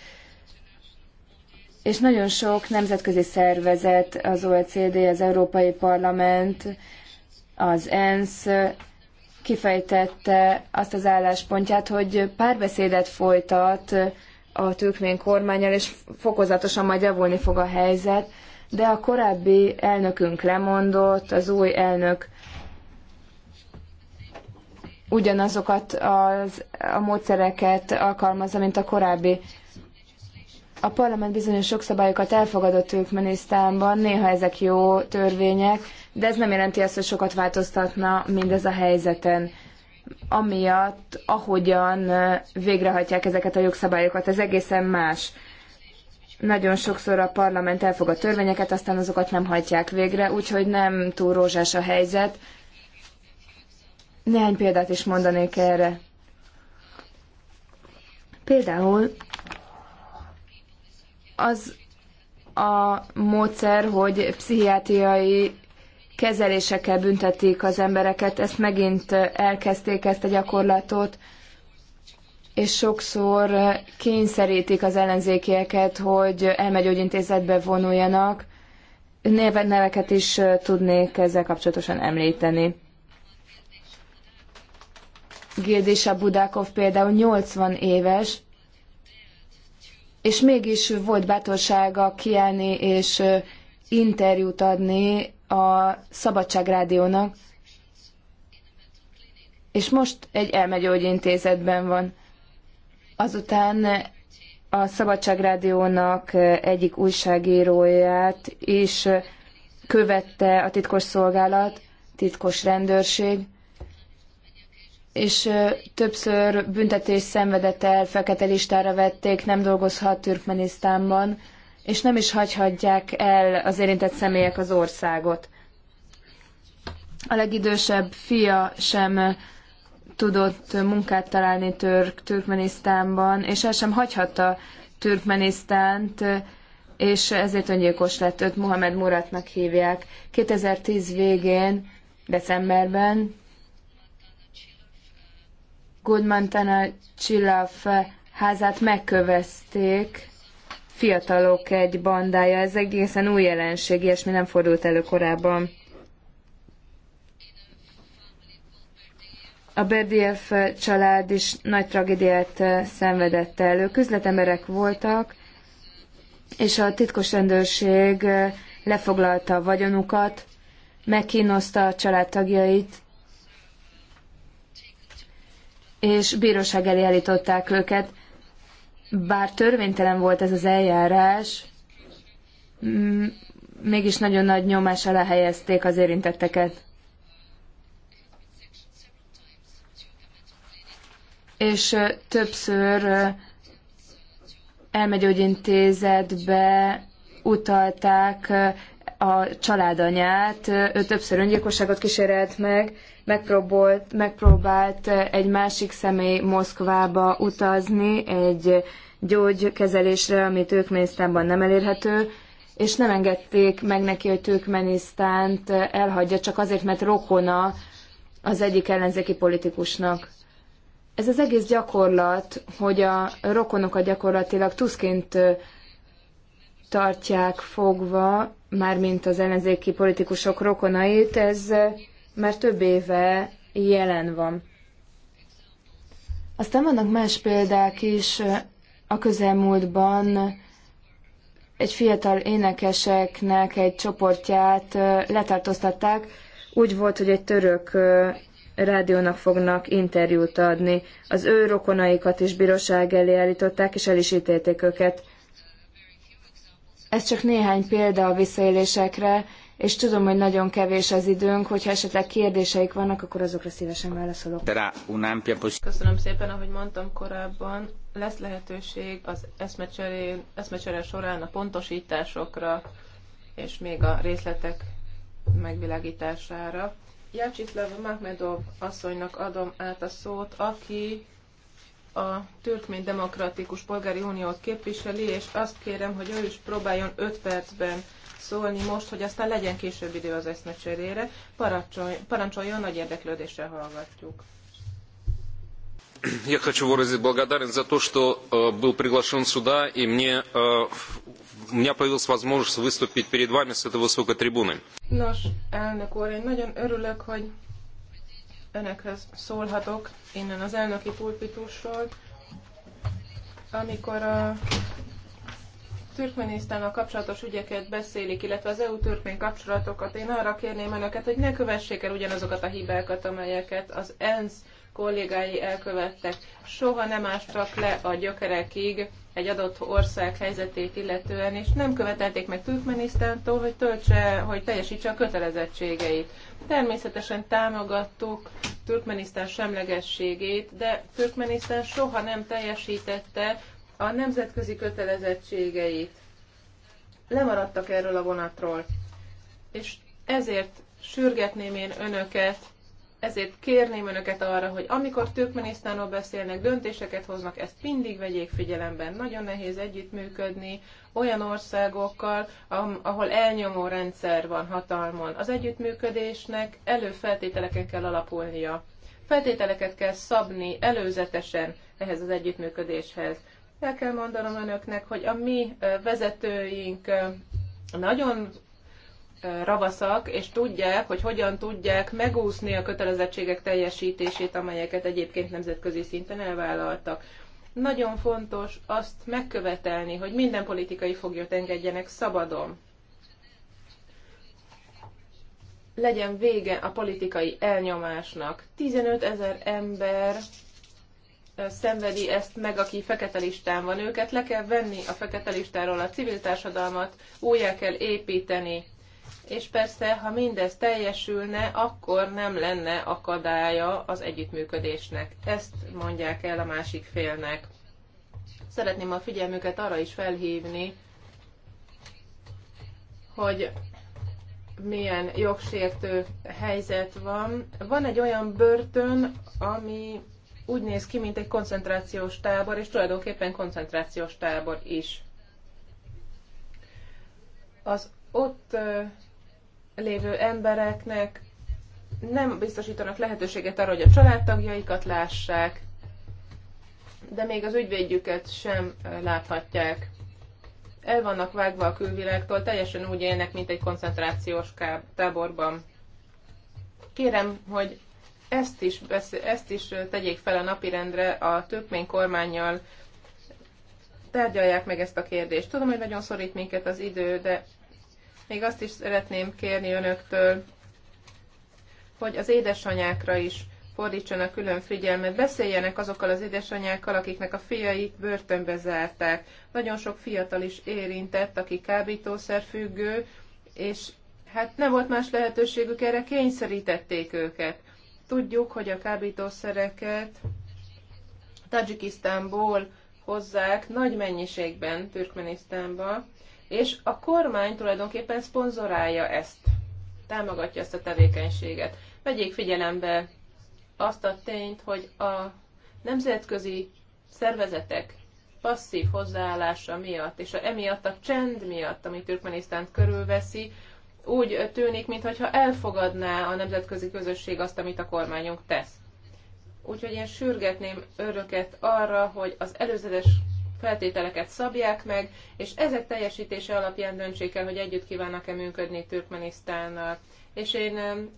és nagyon sok nemzetközi szervezet, az OECD, az Európai Parlament, az ENSZ kifejtette azt az álláspontját, hogy párbeszédet folytat a türkmén kormányjal, és fokozatosan majd javulni fog a helyzet, de a korábbi elnökünk lemondott, az új elnök ugyanazokat az, a módszereket alkalmazza, mint a korábbi. A parlament bizonyos jogszabályokat elfogadott Türkmenisztánban, néha ezek jó törvények, de ez nem jelenti azt, hogy sokat változtatna mindez a helyzeten amiatt, ahogyan végrehajtják ezeket a jogszabályokat. Ez egészen más. Nagyon sokszor a parlament elfogad törvényeket, aztán azokat nem hajtják végre, úgyhogy nem túl rózsás a helyzet. Néhány példát is mondanék erre. Például az a módszer, hogy pszichiátriai kezelésekkel büntetik az embereket. Ezt megint elkezdték ezt a gyakorlatot, és sokszor kényszerítik az ellenzékieket, hogy elmegyógyintézetbe vonuljanak. neveket is tudnék ezzel kapcsolatosan említeni. Gildisa Budákov például 80 éves, és mégis volt bátorsága kiállni és interjút adni a Szabadság Rádiónak, és most egy elmegyógyintézetben van. Azután a Szabadság Rádiónak egyik újságíróját is követte a titkos szolgálat, titkos rendőrség, és többször büntetés szenvedett el, fekete listára vették, nem dolgozhat Türkmenisztánban, és nem is hagyhatják el az érintett személyek az országot. A legidősebb fia sem tudott munkát találni Törk, Türkmenisztánban, és el sem hagyhatta Türkmenisztánt, és ezért öngyilkos lett. Őt Muhammad Muratnak hívják. 2010 végén, decemberben Gudmantana Csillaf házát megkövezték, fiatalok egy bandája. Ez egészen új jelenség, ilyesmi nem fordult elő korábban. A Berdiev család is nagy tragédiát eh, szenvedett elő. Közletemberek voltak, és a titkos rendőrség eh, lefoglalta a vagyonukat, megkínoszta a családtagjait, és bíróság elé állították őket bár törvénytelen volt ez az eljárás, mégis nagyon nagy nyomás alá helyezték az érintetteket. És többször elmegyógyintézetbe utalták a családanyát, ő többször öngyilkosságot kísérelt meg, megpróbált, megpróbált egy másik személy Moszkvába utazni egy gyógykezelésre, ami Türkmenisztánban nem elérhető, és nem engedték meg neki, hogy Türkmenisztánt elhagyja, csak azért, mert rokona az egyik ellenzéki politikusnak. Ez az egész gyakorlat, hogy a rokonokat gyakorlatilag tuszként tartják fogva, mármint az ellenzéki politikusok rokonait, ez már több éve jelen van. Aztán vannak más példák is a közelmúltban, egy fiatal énekeseknek egy csoportját letartóztatták. Úgy volt, hogy egy török rádiónak fognak interjút adni. Az ő rokonaikat is bíróság elé állították, és el is ítélték őket. Ez csak néhány példa a visszaélésekre, és tudom, hogy nagyon kevés az időnk, hogyha esetleg kérdéseik vannak, akkor azokra szívesen válaszolok. Köszönöm szépen, ahogy mondtam korábban, lesz lehetőség az eszmecseré, eszmecsere során a pontosításokra, és még a részletek megvilágítására. Jácsiszláv Mahmedov asszonynak adom át a szót, aki a Türkmén Demokratikus Polgári Uniót képviseli, és azt kérem, hogy ő is próbáljon 5 percben szólni most, hogy aztán legyen később idő az eszmecserére. Parancsoljon, parancsoljon, nagy érdeklődéssel hallgatjuk. Я хочу выразить благодарность за то, что э, был приглашен сюда, и мне, э, у меня появилась возможность выступить перед вами с этой высокой трибуны. Nos, elnök úr, én nagyon örülök, hogy önökhöz szólhatok innen az elnöki pulpitusról. Amikor a Türkmenisztánnal kapcsolatos ügyeket beszélik, illetve az EU-türkmén kapcsolatokat, én arra kérném önöket, hogy ne kövessék el ugyanazokat a hibákat, amelyeket az ENSZ kollégái elkövettek. Soha nem ástak le a gyökerekig egy adott ország helyzetét illetően, és nem követelték meg Türkmenisztántól, hogy töltse, hogy teljesítse a kötelezettségeit. Természetesen támogattuk Türkmenisztán semlegességét, de Türkmenisztán soha nem teljesítette a nemzetközi kötelezettségeit. Lemaradtak erről a vonatról. És ezért sürgetném én önöket, ezért kérném önöket arra, hogy amikor Türkmenisztánról beszélnek, döntéseket hoznak, ezt mindig vegyék figyelemben. Nagyon nehéz együttműködni olyan országokkal, ahol elnyomó rendszer van hatalmon. Az együttműködésnek előfeltételeken kell alapulnia. Feltételeket kell szabni előzetesen ehhez az együttműködéshez. El kell mondanom önöknek, hogy a mi vezetőink nagyon ravaszak, és tudják, hogy hogyan tudják megúszni a kötelezettségek teljesítését, amelyeket egyébként nemzetközi szinten elvállaltak. Nagyon fontos azt megkövetelni, hogy minden politikai foglyot engedjenek szabadon. Legyen vége a politikai elnyomásnak. 15 ezer ember szenvedi ezt meg, aki fekete listán van. Őket le kell venni a fekete listáról, a civil társadalmat újjá kell építeni. És persze, ha mindez teljesülne, akkor nem lenne akadálya az együttműködésnek. Ezt mondják el a másik félnek. Szeretném a figyelmüket arra is felhívni, hogy milyen jogsértő helyzet van. Van egy olyan börtön, ami úgy néz ki, mint egy koncentrációs tábor, és tulajdonképpen koncentrációs tábor is. Az ott lévő embereknek nem biztosítanak lehetőséget arra, hogy a családtagjaikat lássák, de még az ügyvédjüket sem láthatják. El vannak vágva a külvilágtól, teljesen úgy élnek, mint egy koncentrációs táborban. Kérem, hogy ezt is, ezt is tegyék fel a napirendre a türkmén kormányjal tárgyalják meg ezt a kérdést. Tudom, hogy nagyon szorít minket az idő, de még azt is szeretném kérni önöktől, hogy az édesanyákra is fordítsanak külön figyelmet, beszéljenek azokkal az édesanyákkal, akiknek a fiait börtönbe zárták. Nagyon sok fiatal is érintett, aki kábítószerfüggő, és hát nem volt más lehetőségük erre, kényszerítették őket. Tudjuk, hogy a kábítószereket Tajikisztánból hozzák nagy mennyiségben Türkmenisztánba, és a kormány tulajdonképpen szponzorálja ezt, támogatja ezt a tevékenységet. Vegyék figyelembe azt a tényt, hogy a nemzetközi szervezetek passzív hozzáállása miatt, és a, emiatt a csend miatt, ami Türkmenisztánt körülveszi, úgy tűnik, mintha elfogadná a nemzetközi közösség azt, amit a kormányunk tesz. Úgyhogy én sürgetném öröket arra, hogy az előzetes feltételeket szabják meg, és ezek teljesítése alapján döntsék el, hogy együtt kívánnak-e működni Türkmenisztánnal. És én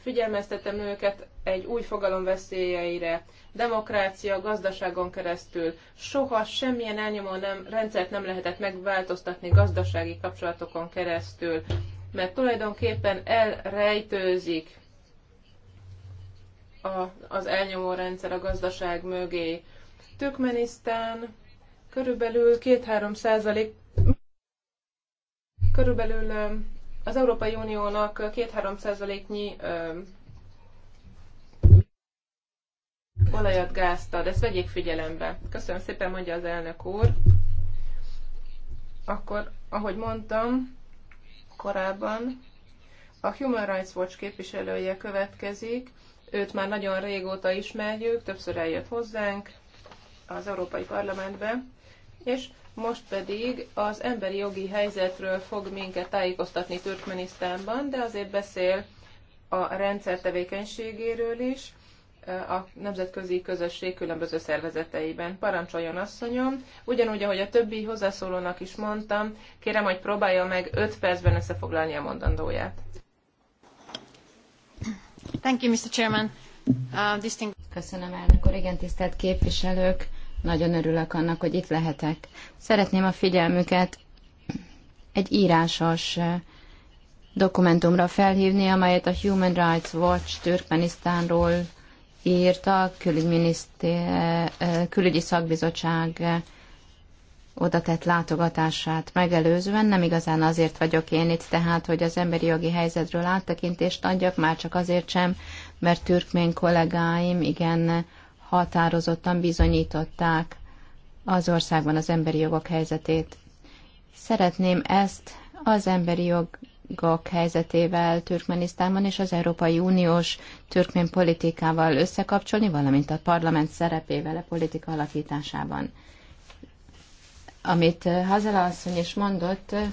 figyelmeztetem őket egy új fogalom veszélyeire, demokrácia, gazdaságon keresztül. Soha semmilyen elnyomó nem, rendszert nem lehetett megváltoztatni gazdasági kapcsolatokon keresztül mert tulajdonképpen elrejtőzik a, az elnyomó rendszer a gazdaság mögé. Türkmenisztán körülbelül 2-3 százalék, körülbelül az Európai Uniónak 2-3 százaléknyi olajat, gázta de Ezt vegyék figyelembe. Köszönöm szépen, mondja az elnök úr. Akkor, ahogy mondtam, korábban. A Human Rights Watch képviselője következik, őt már nagyon régóta ismerjük, többször eljött hozzánk az Európai Parlamentbe, és most pedig az emberi jogi helyzetről fog minket tájékoztatni Türkmenisztánban, de azért beszél a rendszer tevékenységéről is, a nemzetközi közösség különböző szervezeteiben. Parancsoljon asszonyom, ugyanúgy, ahogy a többi hozzászólónak is mondtam, kérem, hogy próbálja meg 5 percben összefoglalni a mondandóját. Thank you, Mr. Chairman. Uh, distinct... Köszönöm, elnök úr. Igen, tisztelt képviselők, nagyon örülök annak, hogy itt lehetek. Szeretném a figyelmüket egy írásos uh, dokumentumra felhívni, amelyet a Human Rights Watch Türkmenisztánról írta, eh, külügyi szakbizottság eh, oda tett látogatását megelőzően. Nem igazán azért vagyok én itt, tehát, hogy az emberi jogi helyzetről áttekintést adjak, már csak azért sem, mert türkmén kollégáim igen határozottan bizonyították az országban az emberi jogok helyzetét. Szeretném ezt az emberi jog gak helyzetével Türkmenisztánban és az Európai Uniós türkmén politikával összekapcsolni, valamint a parlament szerepével a politika alakításában. Amit eh, Hazela asszony is mondott, eh,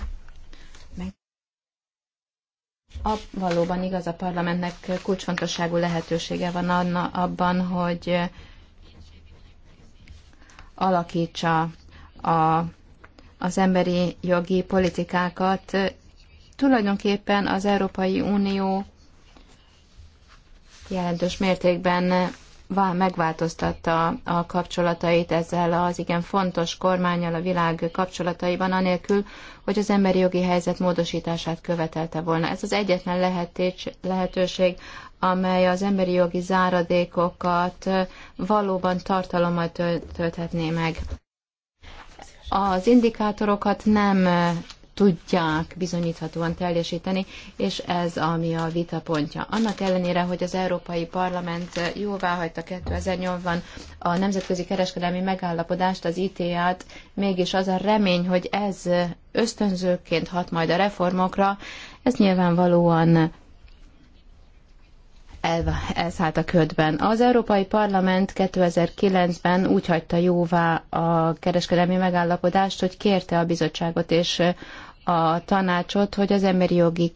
a, valóban igaz, a parlamentnek kulcsfontosságú lehetősége van anna, abban, hogy eh, alakítsa a, az emberi jogi politikákat tulajdonképpen az Európai Unió jelentős mértékben megváltoztatta a kapcsolatait ezzel az igen fontos kormányal a világ kapcsolataiban, anélkül, hogy az emberi jogi helyzet módosítását követelte volna. Ez az egyetlen lehetés, lehetőség, amely az emberi jogi záradékokat valóban tartalommal tölthetné meg. Az indikátorokat nem tudják bizonyíthatóan teljesíteni, és ez ami a vita pontja. Annak ellenére, hogy az Európai Parlament jóváhagyta 2008-ban a nemzetközi kereskedelmi megállapodást, az ITA-t, mégis az a remény, hogy ez ösztönzőként hat majd a reformokra, ez nyilvánvalóan elszállt a ködben. Az Európai Parlament 2009-ben úgy hagyta jóvá a kereskedelmi megállapodást, hogy kérte a bizottságot és a tanácsot, hogy az emberi jogi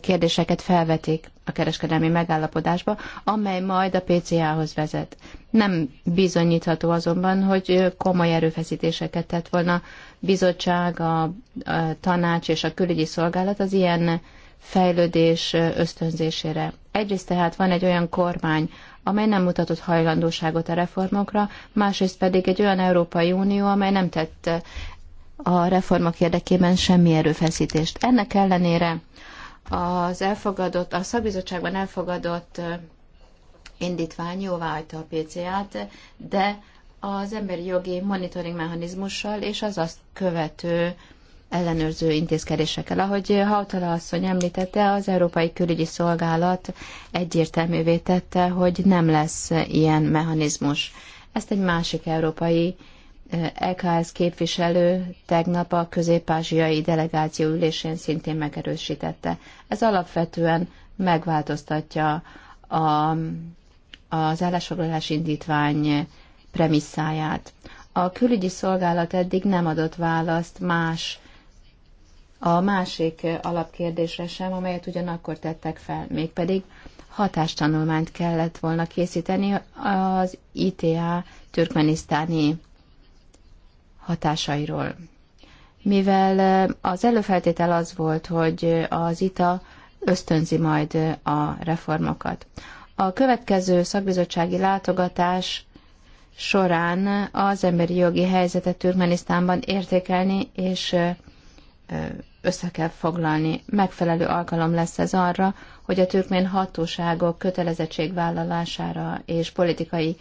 kérdéseket felvetik a kereskedelmi megállapodásba, amely majd a PCA-hoz vezet. Nem bizonyítható azonban, hogy komoly erőfeszítéseket tett volna bizottság, a, a tanács és a külügyi szolgálat az ilyen fejlődés ösztönzésére. Egyrészt tehát van egy olyan kormány, amely nem mutatott hajlandóságot a reformokra, másrészt pedig egy olyan Európai Unió, amely nem tett a reformok érdekében semmi erőfeszítést. Ennek ellenére az elfogadott, a szakbizottságban elfogadott indítvány jóváhagyta a PCA-t, de az emberi jogi monitoring mechanizmussal és az azt követő ellenőrző intézkedésekkel. Ahogy Hautala asszony említette, az Európai Külügyi Szolgálat egyértelművé tette, hogy nem lesz ilyen mechanizmus. Ezt egy másik európai EKS képviselő tegnap a közép-ázsiai delegáció ülésén szintén megerősítette. Ez alapvetően megváltoztatja a, az állásfoglalás indítvány premisszáját. A külügyi szolgálat eddig nem adott választ más a másik alapkérdésre sem, amelyet ugyanakkor tettek fel, mégpedig hatástanulmányt kellett volna készíteni az ITA türkmenisztáni hatásairól. Mivel eh, az előfeltétel az volt, hogy eh, az ITA ösztönzi majd eh, a reformokat. A következő szakbizottsági látogatás során az emberi jogi helyzetet Türkmenisztánban értékelni és össze kell foglalni. Megfelelő alkalom lesz ez arra, hogy a türkmén hatóságok kötelezettségvállalására és politikai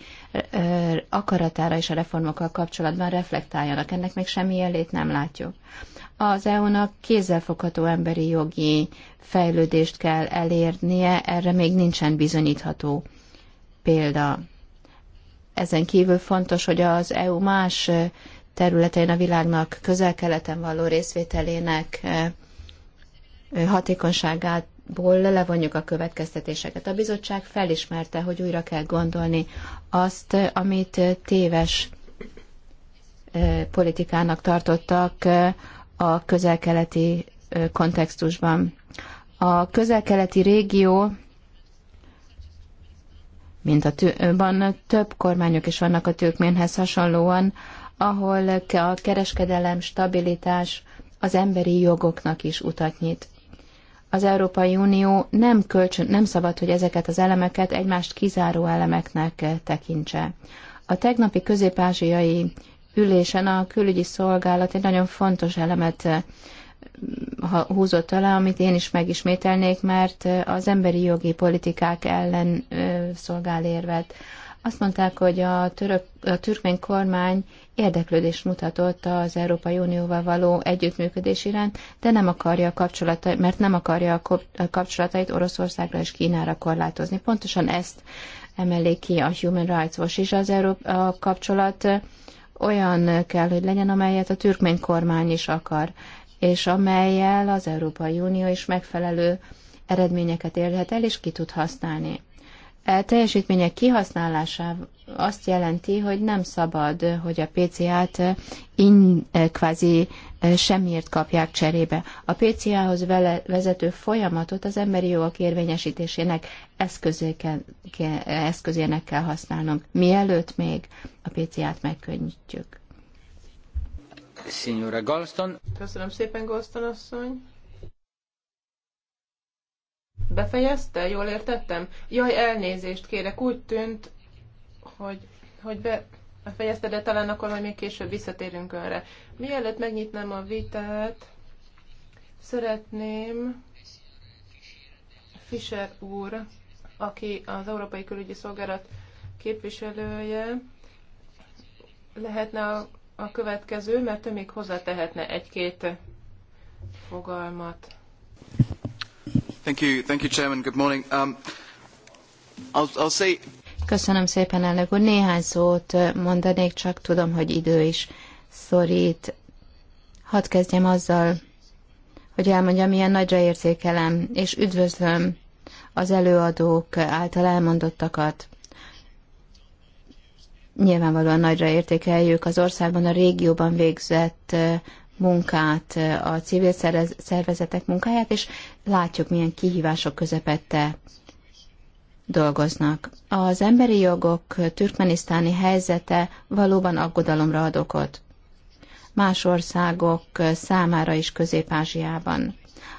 akaratára és a reformokkal kapcsolatban reflektáljanak. Ennek még semmi jelét nem látjuk. Az EU-nak kézzelfogható emberi jogi fejlődést kell elérnie, erre még nincsen bizonyítható példa. Ezen kívül fontos, hogy az EU más területein a világnak közel-keleten való részvételének hatékonyságát ból levonjuk a következtetéseket. A bizottság felismerte, hogy újra kell gondolni azt, amit téves politikának tartottak a közelkeleti kontextusban. A közelkeleti régió, mint a van több kormányok is vannak a türkménhez hasonlóan, ahol a kereskedelem, stabilitás az emberi jogoknak is utat nyit az Európai Unió nem, kölcsön, nem szabad, hogy ezeket az elemeket egymást kizáró elemeknek eh, tekintse. A tegnapi közép-ázsiai ülésen a külügyi szolgálat egy nagyon fontos elemet eh, húzott alá, amit én is megismételnék, mert eh, az emberi jogi politikák ellen szolgál érvet. Azt mondták, hogy a, török, a türkmény kormány érdeklődést mutatott az Európai Unióval való együttműködés iránt, de nem akarja a kapcsolatait, mert nem akarja a kapcsolatait Oroszországra és Kínára korlátozni. Pontosan ezt emelé ki a Human Rights Watch is. Az Európa, kapcsolat olyan kell, hogy legyen, amelyet a türkmény kormány is akar, és amelyel az Európai Unió is megfelelő eredményeket érhet el, és ki tud használni. E teljesítmények kihasználása azt jelenti, hogy nem szabad, hogy a PCA-t in, e, kvázi e, semmiért kapják cserébe. A PCA-hoz vezető folyamatot az emberi jogok érvényesítésének eszközének kell használnom mielőtt még a PCA-t megkönnyítjük. Signora Galston. Köszönöm szépen, Galston asszony. Befejezte? Jól értettem? Jaj, elnézést kérek, úgy tűnt, hogy, hogy be, befejezte, de talán akkor majd még később visszatérünk önre. Mielőtt megnyitnám a vitát, szeretném Fischer úr, aki az Európai Külügyi Szolgálat képviselője, lehetne a, a következő, mert ő még hozzátehetne egy-két fogalmat. Thank you, thank you, Chairman. Good morning. Um, I'll, I'll say... Köszönöm szépen, elnök úr. Néhány szót mondanék, csak tudom, hogy idő is szorít. Hadd kezdjem azzal, hogy elmondjam, milyen nagyra érzékelem, és üdvözlöm az előadók által elmondottakat. Nyilvánvalóan nagyra értékeljük az országban, a régióban végzett munkát, a civil szervezetek munkáját, és látjuk, milyen kihívások közepette dolgoznak. Az emberi jogok türkmenisztáni helyzete valóban aggodalomra ad okot. Más országok számára is Közép-Ázsiában.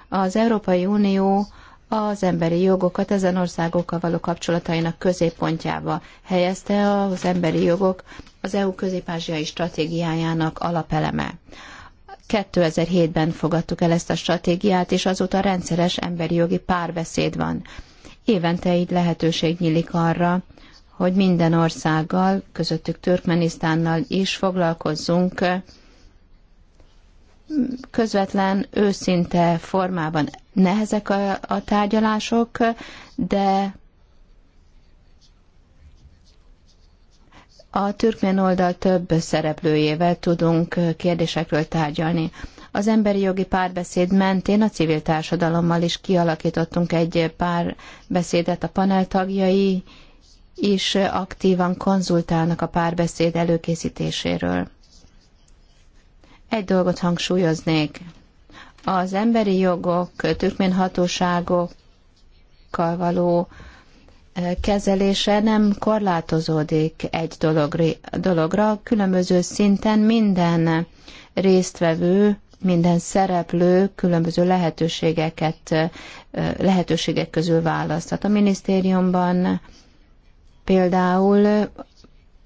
Az Európai Unió az emberi jogokat ezen országokkal való kapcsolatainak középpontjába helyezte az emberi jogok az EU közép stratégiájának alapeleme. 2007-ben fogadtuk el ezt a stratégiát, és azóta rendszeres emberi jogi párbeszéd van. Évente így lehetőség nyílik arra, hogy minden országgal, közöttük Türkmenisztánnal is foglalkozzunk közvetlen, őszinte formában. Nehezek a, a tárgyalások, de A türkmen oldal több szereplőjével tudunk kérdésekről tárgyalni. Az emberi jogi párbeszéd mentén a civil társadalommal is kialakítottunk egy párbeszédet a panel tagjai, is aktívan konzultálnak a párbeszéd előkészítéséről. Egy dolgot hangsúlyoznék. Az emberi jogok, türkmén hatóságokkal való kezelése nem korlátozódik egy dologra, különböző szinten minden résztvevő, minden szereplő különböző lehetőségeket, lehetőségek közül választhat. A minisztériumban például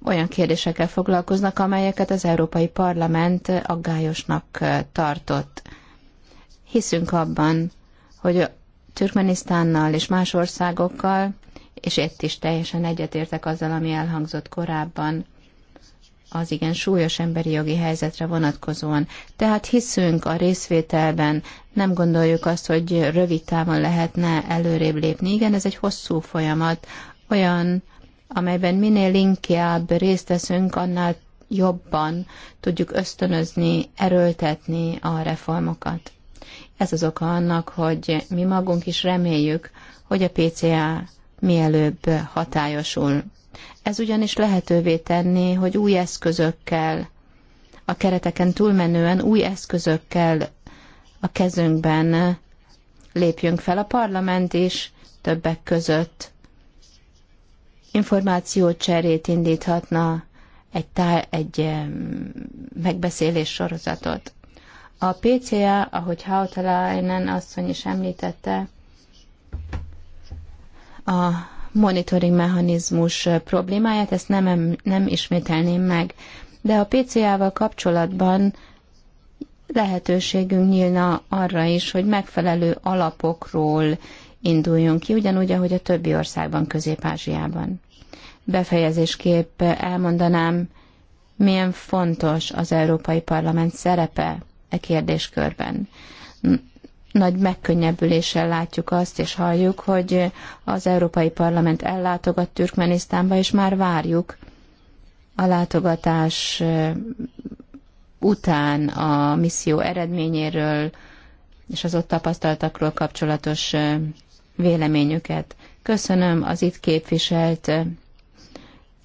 olyan kérdésekkel foglalkoznak, amelyeket az Európai Parlament aggályosnak tartott. Hiszünk abban, hogy Türkmenisztánnal és más országokkal és itt is teljesen egyetértek azzal, ami elhangzott korábban az igen súlyos emberi jogi helyzetre vonatkozóan. Tehát hiszünk a részvételben, nem gondoljuk azt, hogy rövid távon lehetne előrébb lépni. Igen, ez egy hosszú folyamat, olyan, amelyben minél inkább részt veszünk, annál jobban tudjuk ösztönözni, erőltetni a reformokat. Ez az oka annak, hogy mi magunk is reméljük, hogy a PCA mielőbb hatályosul. Ez ugyanis lehetővé tenni, hogy új eszközökkel, a kereteken túlmenően új eszközökkel a kezünkben lépjünk fel. A parlament is többek között információcserét indíthatna, egy, tá- egy megbeszélés sorozatot. A PCA, ahogy Hautalainen asszony is említette, a monitoring mechanizmus problémáját, ezt nem, nem ismételném meg. De a PCA-val kapcsolatban lehetőségünk nyílna arra is, hogy megfelelő alapokról induljunk ki, ugyanúgy, ahogy a többi országban, Közép-Ázsiában. Befejezésképp elmondanám, milyen fontos az Európai Parlament szerepe e kérdéskörben nagy megkönnyebbüléssel látjuk azt, és halljuk, hogy az Európai Parlament ellátogat Türkmenisztánba, és már várjuk a látogatás eh, után a misszió eredményéről és az ott tapasztaltakról kapcsolatos eh, véleményüket. Köszönöm az itt képviselt eh,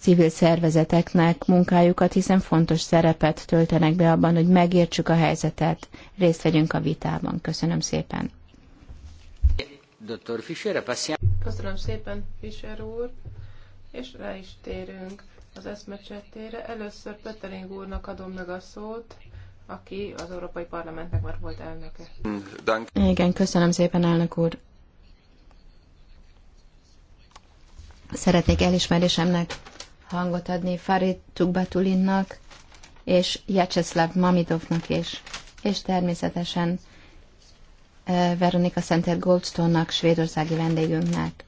civil szervezeteknek munkájukat, hiszen fontos szerepet töltenek be abban, hogy megértsük a helyzetet, részt vegyünk a vitában. Köszönöm szépen. Dr. Fischer, Köszönöm szépen, Fischer úr, és rá is térünk az eszmecsetére. Először Petering úrnak adom meg a szót, aki az Európai Parlamentnek már volt elnöke. Dank. Igen, köszönöm szépen, elnök úr. Szeretnék elismerésemnek hangot adni Farid Tugbatulinnak és Jaceszlav Mamidovnak is, és természetesen Veronika Szentér Goldstone-nak, svédországi vendégünknek.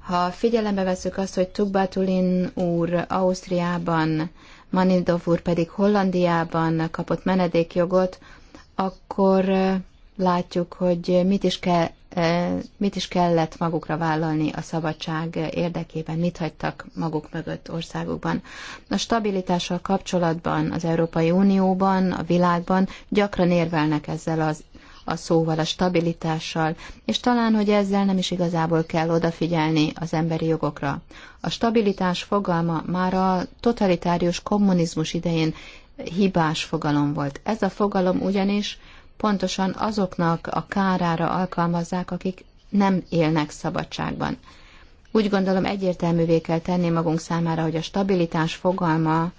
Ha figyelembe veszük azt, hogy Tugbatulin úr Ausztriában, Manildov úr pedig Hollandiában kapott menedékjogot, akkor látjuk, hogy mit is kell E, mit is kellett magukra vállalni a szabadság érdekében, mit hagytak maguk mögött országukban. A stabilitással kapcsolatban az Európai Unióban, a világban gyakran érvelnek ezzel az a szóval, a stabilitással, és talán, hogy ezzel nem is igazából kell odafigyelni az emberi jogokra. A stabilitás fogalma már a totalitárius kommunizmus idején hibás fogalom volt. Ez a fogalom ugyanis pontosan azoknak a kárára alkalmazzák, akik nem élnek szabadságban. Úgy gondolom egyértelművé kell tenni magunk számára, hogy a stabilitás fogalma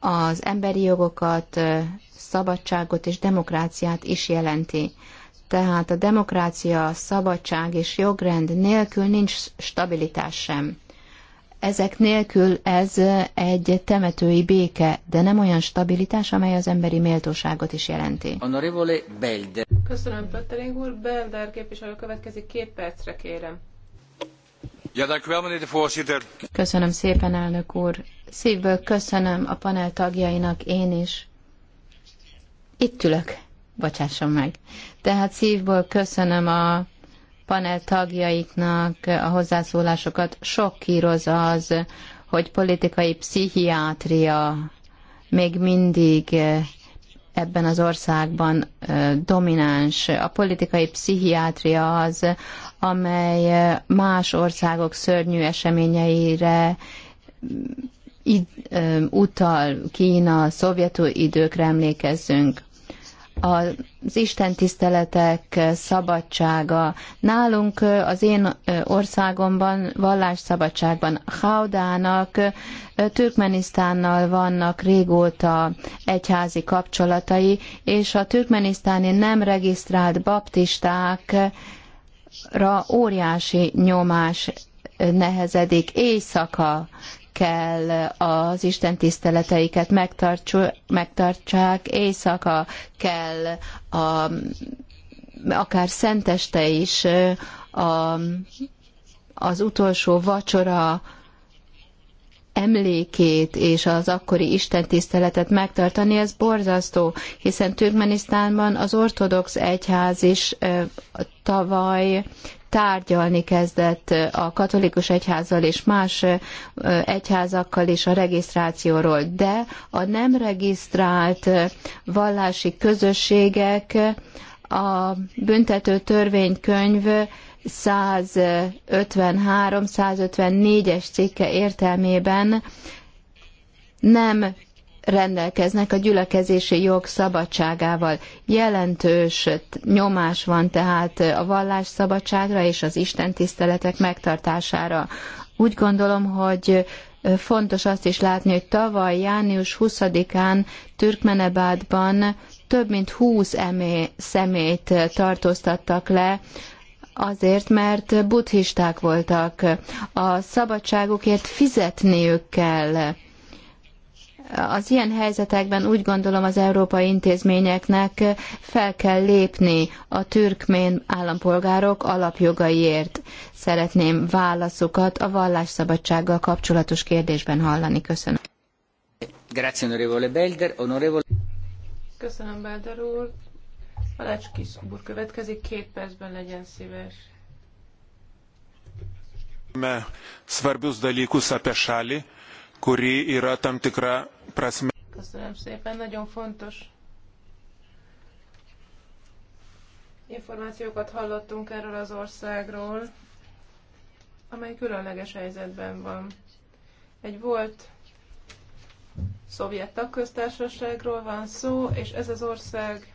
az emberi jogokat, szabadságot és demokráciát is jelenti. Tehát a demokrácia, szabadság és jogrend nélkül nincs stabilitás sem. Ezek nélkül ez egy temetői béke, de nem olyan stabilitás, amely az emberi méltóságot is jelenti. Köszönöm, Pöttering úr. Belder képviselő következik két percre, kérem. Köszönöm szépen, elnök úr. Szívből köszönöm a panel tagjainak én is. Itt ülök, bocsásson meg. Tehát szívből köszönöm a panel tagjaiknak a hozzászólásokat sokkíroz az, hogy politikai pszichiátria még mindig eh, ebben az országban eh, domináns. A politikai pszichiátria az, amely eh, más országok szörnyű eseményeire mm, utal Kína, szovjetú időkre emlékezzünk az Isten tiszteletek szabadsága. Nálunk az én országomban vallásszabadságban Haudának, Türkmenisztánnal vannak régóta egyházi kapcsolatai, és a türkmenisztáni nem regisztrált baptistákra óriási nyomás nehezedik éjszaka kell az Isten tiszteleteiket megtartsák, éjszaka kell a, akár szenteste is a, az utolsó vacsora, emlékét és az akkori istentiszteletet megtartani, ez borzasztó, hiszen Türkmenisztánban az ortodox egyház is tavaly tárgyalni kezdett a katolikus egyházzal és más egyházakkal is a regisztrációról, de a nem regisztrált vallási közösségek a büntető törvénykönyv 153-154-es cikke értelmében nem rendelkeznek a gyülekezési jog szabadságával. Jelentős nyomás van tehát a vallás szabadságra és az Isten tiszteletek megtartására. Úgy gondolom, hogy fontos azt is látni, hogy tavaly jánius 20-án Türkmenebádban több mint 20 személyt szemét tartóztattak le Azért, mert buddhisták voltak. A szabadságukért fizetniük kell. Az ilyen helyzetekben úgy gondolom az európai intézményeknek fel kell lépni a türkmén állampolgárok alapjogaiért. Szeretném válaszokat a vallásszabadsággal kapcsolatos kérdésben hallani. Köszönöm. Grazie, onorevole Belder. Onorevole... Köszönöm, Belder úr. Palecskis úr következik, két percben legyen szíves. Svarbius dalykus apie šalį, kuri yra tam tikra prasme. Köszönöm szépen, nagyon fontos. Információkat hallottunk erről az országról, amely különleges helyzetben van. Egy volt szovjet tagköztársaságról van szó, és ez az ország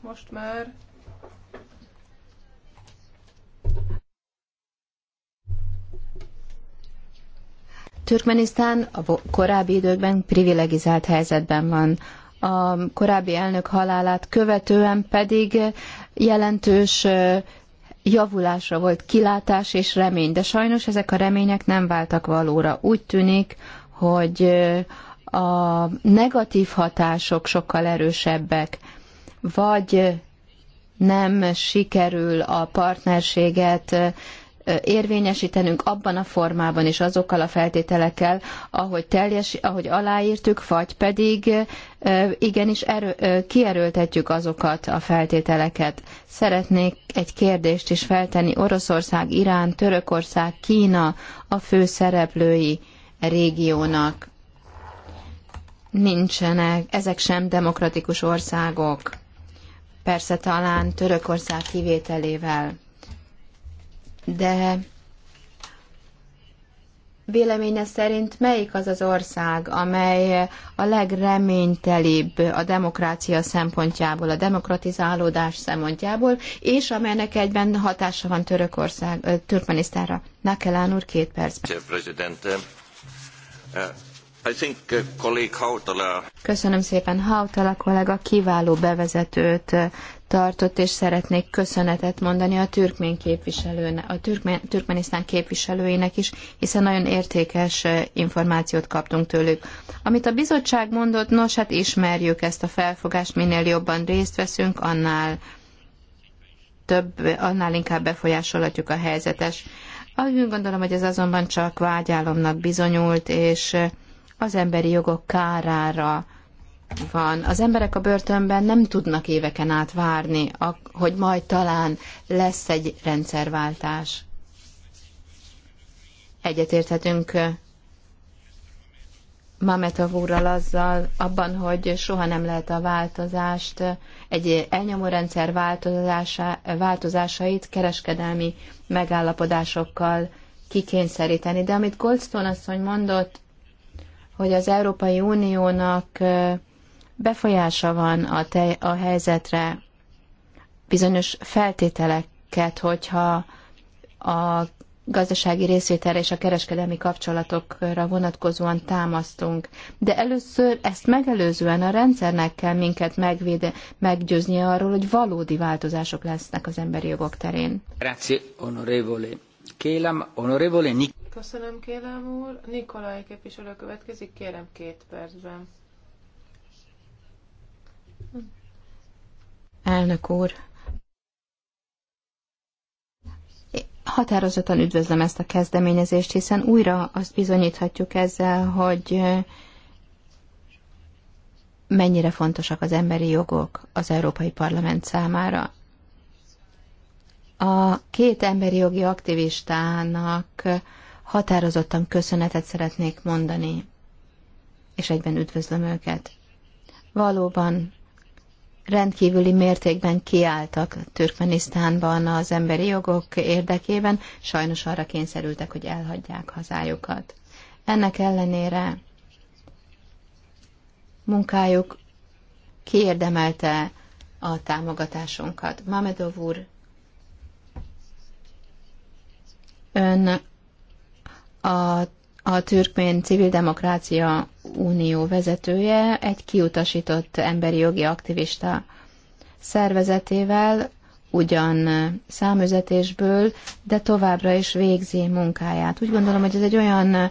most már. Türkmenisztán a korábbi időkben privilegizált helyzetben van. A korábbi elnök halálát követően pedig jelentős javulásra volt kilátás és remény, de sajnos ezek a remények nem váltak valóra. Úgy tűnik, hogy a negatív hatások sokkal erősebbek vagy nem sikerül a partnerséget érvényesítenünk abban a formában és azokkal a feltételekkel, ahogy, teljes, ahogy aláírtuk, vagy pedig igenis erő, kierőltetjük azokat a feltételeket. Szeretnék egy kérdést is feltenni. Oroszország, Irán, Törökország, Kína a fő szereplői régiónak. Nincsenek, ezek sem demokratikus országok persze talán Törökország kivételével. De véleménye szerint melyik az az ország, amely a legreménytelibb a demokrácia szempontjából, a demokratizálódás szempontjából, és amelynek egyben hatása van Törökország, Türkmenisztára? Nekelán úr, két percben. Uh, Köszönöm szépen. Hautala kollega kiváló bevezetőt uh, tartott, és szeretnék köszönetet mondani a türkmén képviselőnek, a türkmén, türkmenisztán képviselőinek is, hiszen nagyon értékes uh, információt kaptunk tőlük. Amit a bizottság mondott, nos, hát ismerjük ezt a felfogást, minél jobban részt veszünk, annál több, annál inkább befolyásolhatjuk a helyzetes. Úgy gondolom, hogy ez azonban csak vágyálomnak bizonyult, és az emberi jogok kárára van. Az emberek a börtönben nem tudnak éveken át várni, hogy majd talán lesz egy rendszerváltás. Egyetérthetünk eh, Mametov úrral azzal abban, hogy soha nem lehet a változást, eh, egy elnyomó rendszer változása, változásait kereskedelmi megállapodásokkal kikényszeríteni. De amit Goldstone asszony mondott, hogy az Európai Uniónak befolyása van a, te, a helyzetre bizonyos feltételeket, hogyha a gazdasági részvételre és a kereskedelmi kapcsolatokra vonatkozóan támasztunk. De először ezt megelőzően a rendszernek kell minket megvéde, meggyőznie arról, hogy valódi változások lesznek az emberi jogok terén. Grazie, onorevole. Kélem, honorevole Nik... Köszönöm, kélem úr. Nikolaj képviselő következik, kérem két percben. Elnök úr, határozottan üdvözlöm ezt a kezdeményezést, hiszen újra azt bizonyíthatjuk ezzel, hogy mennyire fontosak az emberi jogok az Európai Parlament számára. A két emberi jogi aktivistának határozottan köszönetet szeretnék mondani, és egyben üdvözlöm őket. Valóban rendkívüli mértékben kiálltak Türkmenisztánban az emberi jogok érdekében, sajnos arra kényszerültek, hogy elhagyják hazájukat. Ennek ellenére munkájuk kiérdemelte a támogatásunkat. Mamedov úr Ön a, a Türkmén Civil Demokrácia Unió vezetője egy kiutasított emberi jogi aktivista szervezetével, ugyan számüzetésből, de továbbra is végzi munkáját. Úgy gondolom, hogy ez egy olyan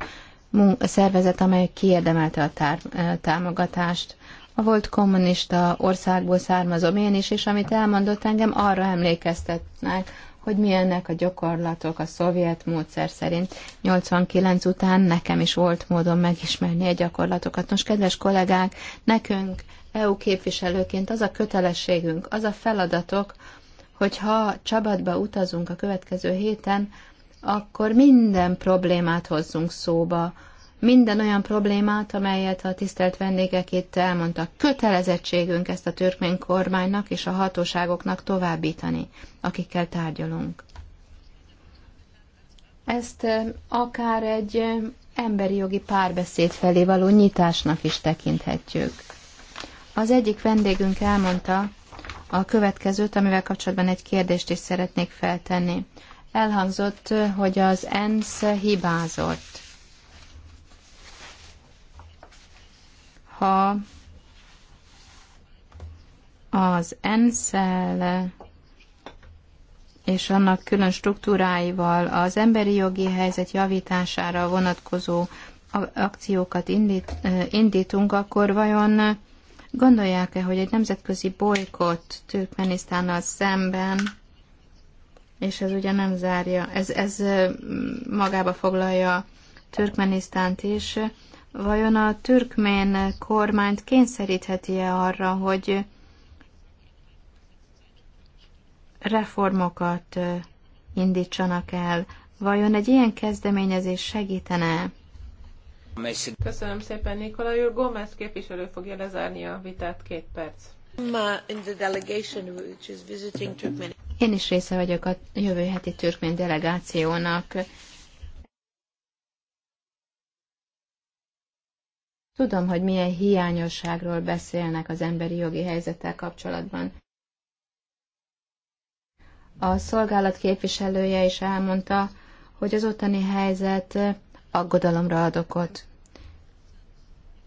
szervezet, amely kiérdemelte a tár- e, támogatást. A volt kommunista országból származom én is, és amit elmondott engem, arra emlékeztetnek, hogy milyennek a gyakorlatok a szovjet módszer szerint. 89 után nekem is volt módon megismerni a gyakorlatokat. Nos, kedves kollégák, nekünk EU képviselőként az a kötelességünk, az a feladatok, hogyha csapatba utazunk a következő héten, akkor minden problémát hozzunk szóba, minden olyan problémát, amelyet a tisztelt vendégek itt elmondtak. Kötelezettségünk ezt a törkmén kormánynak és a hatóságoknak továbbítani, akikkel tárgyalunk. Ezt akár egy emberi jogi párbeszéd felé való nyitásnak is tekinthetjük. Az egyik vendégünk elmondta a következőt, amivel kapcsolatban egy kérdést is szeretnék feltenni. Elhangzott, hogy az ENSZ hibázott ha az enszel és annak külön struktúráival az emberi jogi helyzet javítására vonatkozó akciókat indít, indítunk, akkor vajon gondolják-e, hogy egy nemzetközi bolykott Türkmenisztánnal szemben, és ez ugye nem zárja, ez, ez magába foglalja Türkmenisztánt is, Vajon a türkmén kormányt kényszerítheti-e arra, hogy reformokat indítsanak el? Vajon egy ilyen kezdeményezés segítene? Köszönöm szépen, Nikola úr. Gómez képviselő fogja lezárni a vitát két perc. Én is része vagyok a jövő heti türkmén delegációnak. Tudom, hogy milyen hiányosságról beszélnek az emberi jogi helyzettel kapcsolatban. A szolgálat képviselője is elmondta, hogy az ottani helyzet aggodalomra ad okot.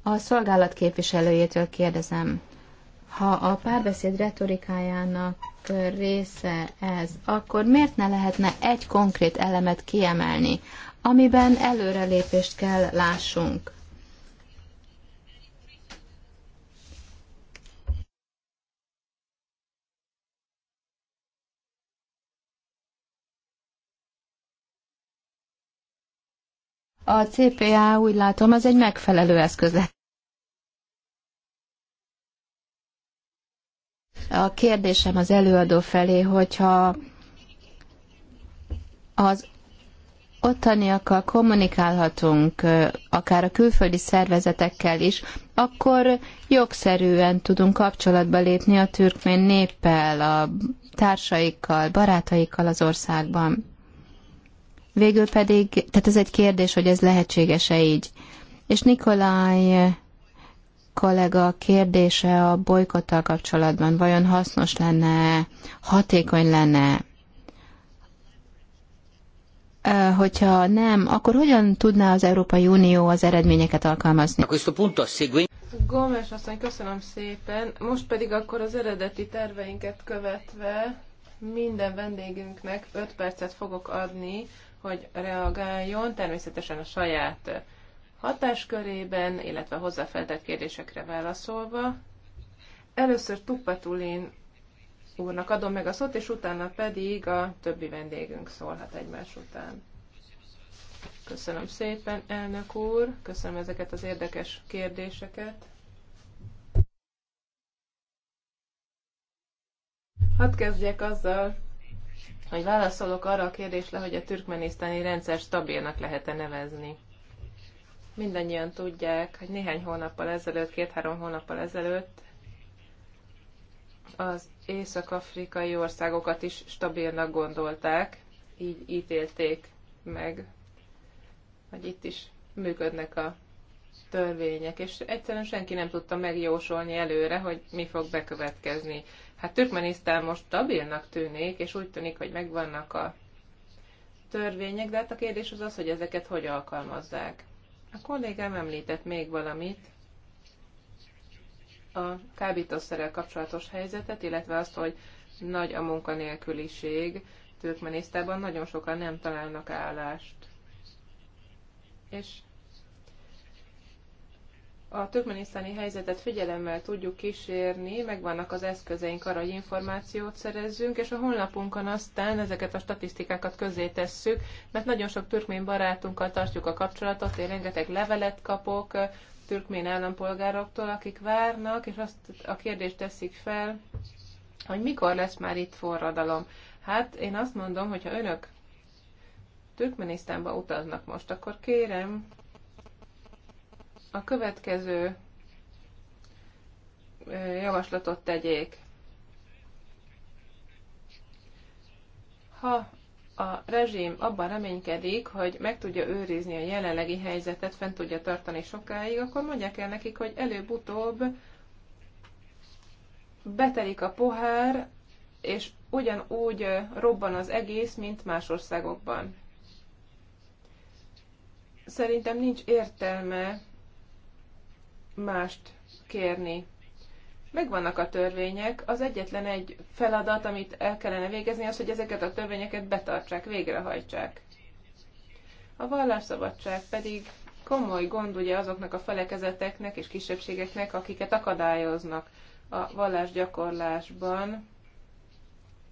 A szolgálat képviselőjétől kérdezem, ha a párbeszéd retorikájának része ez, akkor miért ne lehetne egy konkrét elemet kiemelni, amiben előrelépést kell lássunk? A CPA úgy látom, az egy megfelelő eszköz A kérdésem az előadó felé, hogyha az ottaniakkal kommunikálhatunk, akár a külföldi szervezetekkel is, akkor jogszerűen tudunk kapcsolatba lépni a türkmén néppel, a társaikkal, barátaikkal az országban. Végül pedig, tehát ez egy kérdés, hogy ez lehetséges-e így. És Nikolaj kollega kérdése a bolykottal kapcsolatban vajon hasznos lenne, hatékony lenne, hogyha nem, akkor hogyan tudná az Európai Unió az eredményeket alkalmazni? Gomes asszony, köszönöm szépen. Most pedig akkor az eredeti terveinket követve minden vendégünknek 5 percet fogok adni, hogy reagáljon, természetesen a saját hatáskörében, illetve hozzáfeltett kérdésekre válaszolva. Először Tupatulin úrnak adom meg a szót, és utána pedig a többi vendégünk szólhat egymás után. Köszönöm szépen, elnök úr, köszönöm ezeket az érdekes kérdéseket. Hadd kezdjek azzal, hogy válaszolok arra a kérdésre, hogy a türkmenisztáni rendszer stabilnak lehet-e nevezni. Mindannyian tudják, hogy néhány hónappal ezelőtt, két-három hónappal ezelőtt az észak-afrikai országokat is stabilnak gondolták, így ítélték meg, hogy itt is működnek a törvények, és egyszerűen senki nem tudta megjósolni előre, hogy mi fog bekövetkezni. Hát Türkmenisztán most stabilnak tűnik, és úgy tűnik, hogy megvannak a törvények, de hát a kérdés az az, hogy ezeket hogy alkalmazzák. A kollégám említett még valamit, a kábítószerrel kapcsolatos helyzetet, illetve azt, hogy nagy a munkanélküliség Türkmenisztában, nagyon sokan nem találnak állást. És a türkmenisztáni helyzetet figyelemmel tudjuk kísérni, megvannak az eszközeink arra, hogy információt szerezzünk, és a honlapunkon aztán ezeket a statisztikákat közé tesszük, mert nagyon sok türkmén barátunkkal tartjuk a kapcsolatot, én rengeteg levelet kapok türkmén állampolgároktól, akik várnak, és azt a kérdést teszik fel, hogy mikor lesz már itt forradalom. Hát én azt mondom, hogy ha önök Türkmenisztánba utaznak most, akkor kérem, a következő javaslatot tegyék. Ha a rezsim abban reménykedik, hogy meg tudja őrizni a jelenlegi helyzetet, fent tudja tartani sokáig, akkor mondják el nekik, hogy előbb-utóbb betelik a pohár, és ugyanúgy robban az egész, mint más országokban. Szerintem nincs értelme mást kérni. Megvannak a törvények, az egyetlen egy feladat, amit el kellene végezni, az, hogy ezeket a törvényeket betartsák, végrehajtsák. A vallásszabadság pedig komoly gond ugye azoknak a felekezeteknek és kisebbségeknek, akiket akadályoznak a vallásgyakorlásban.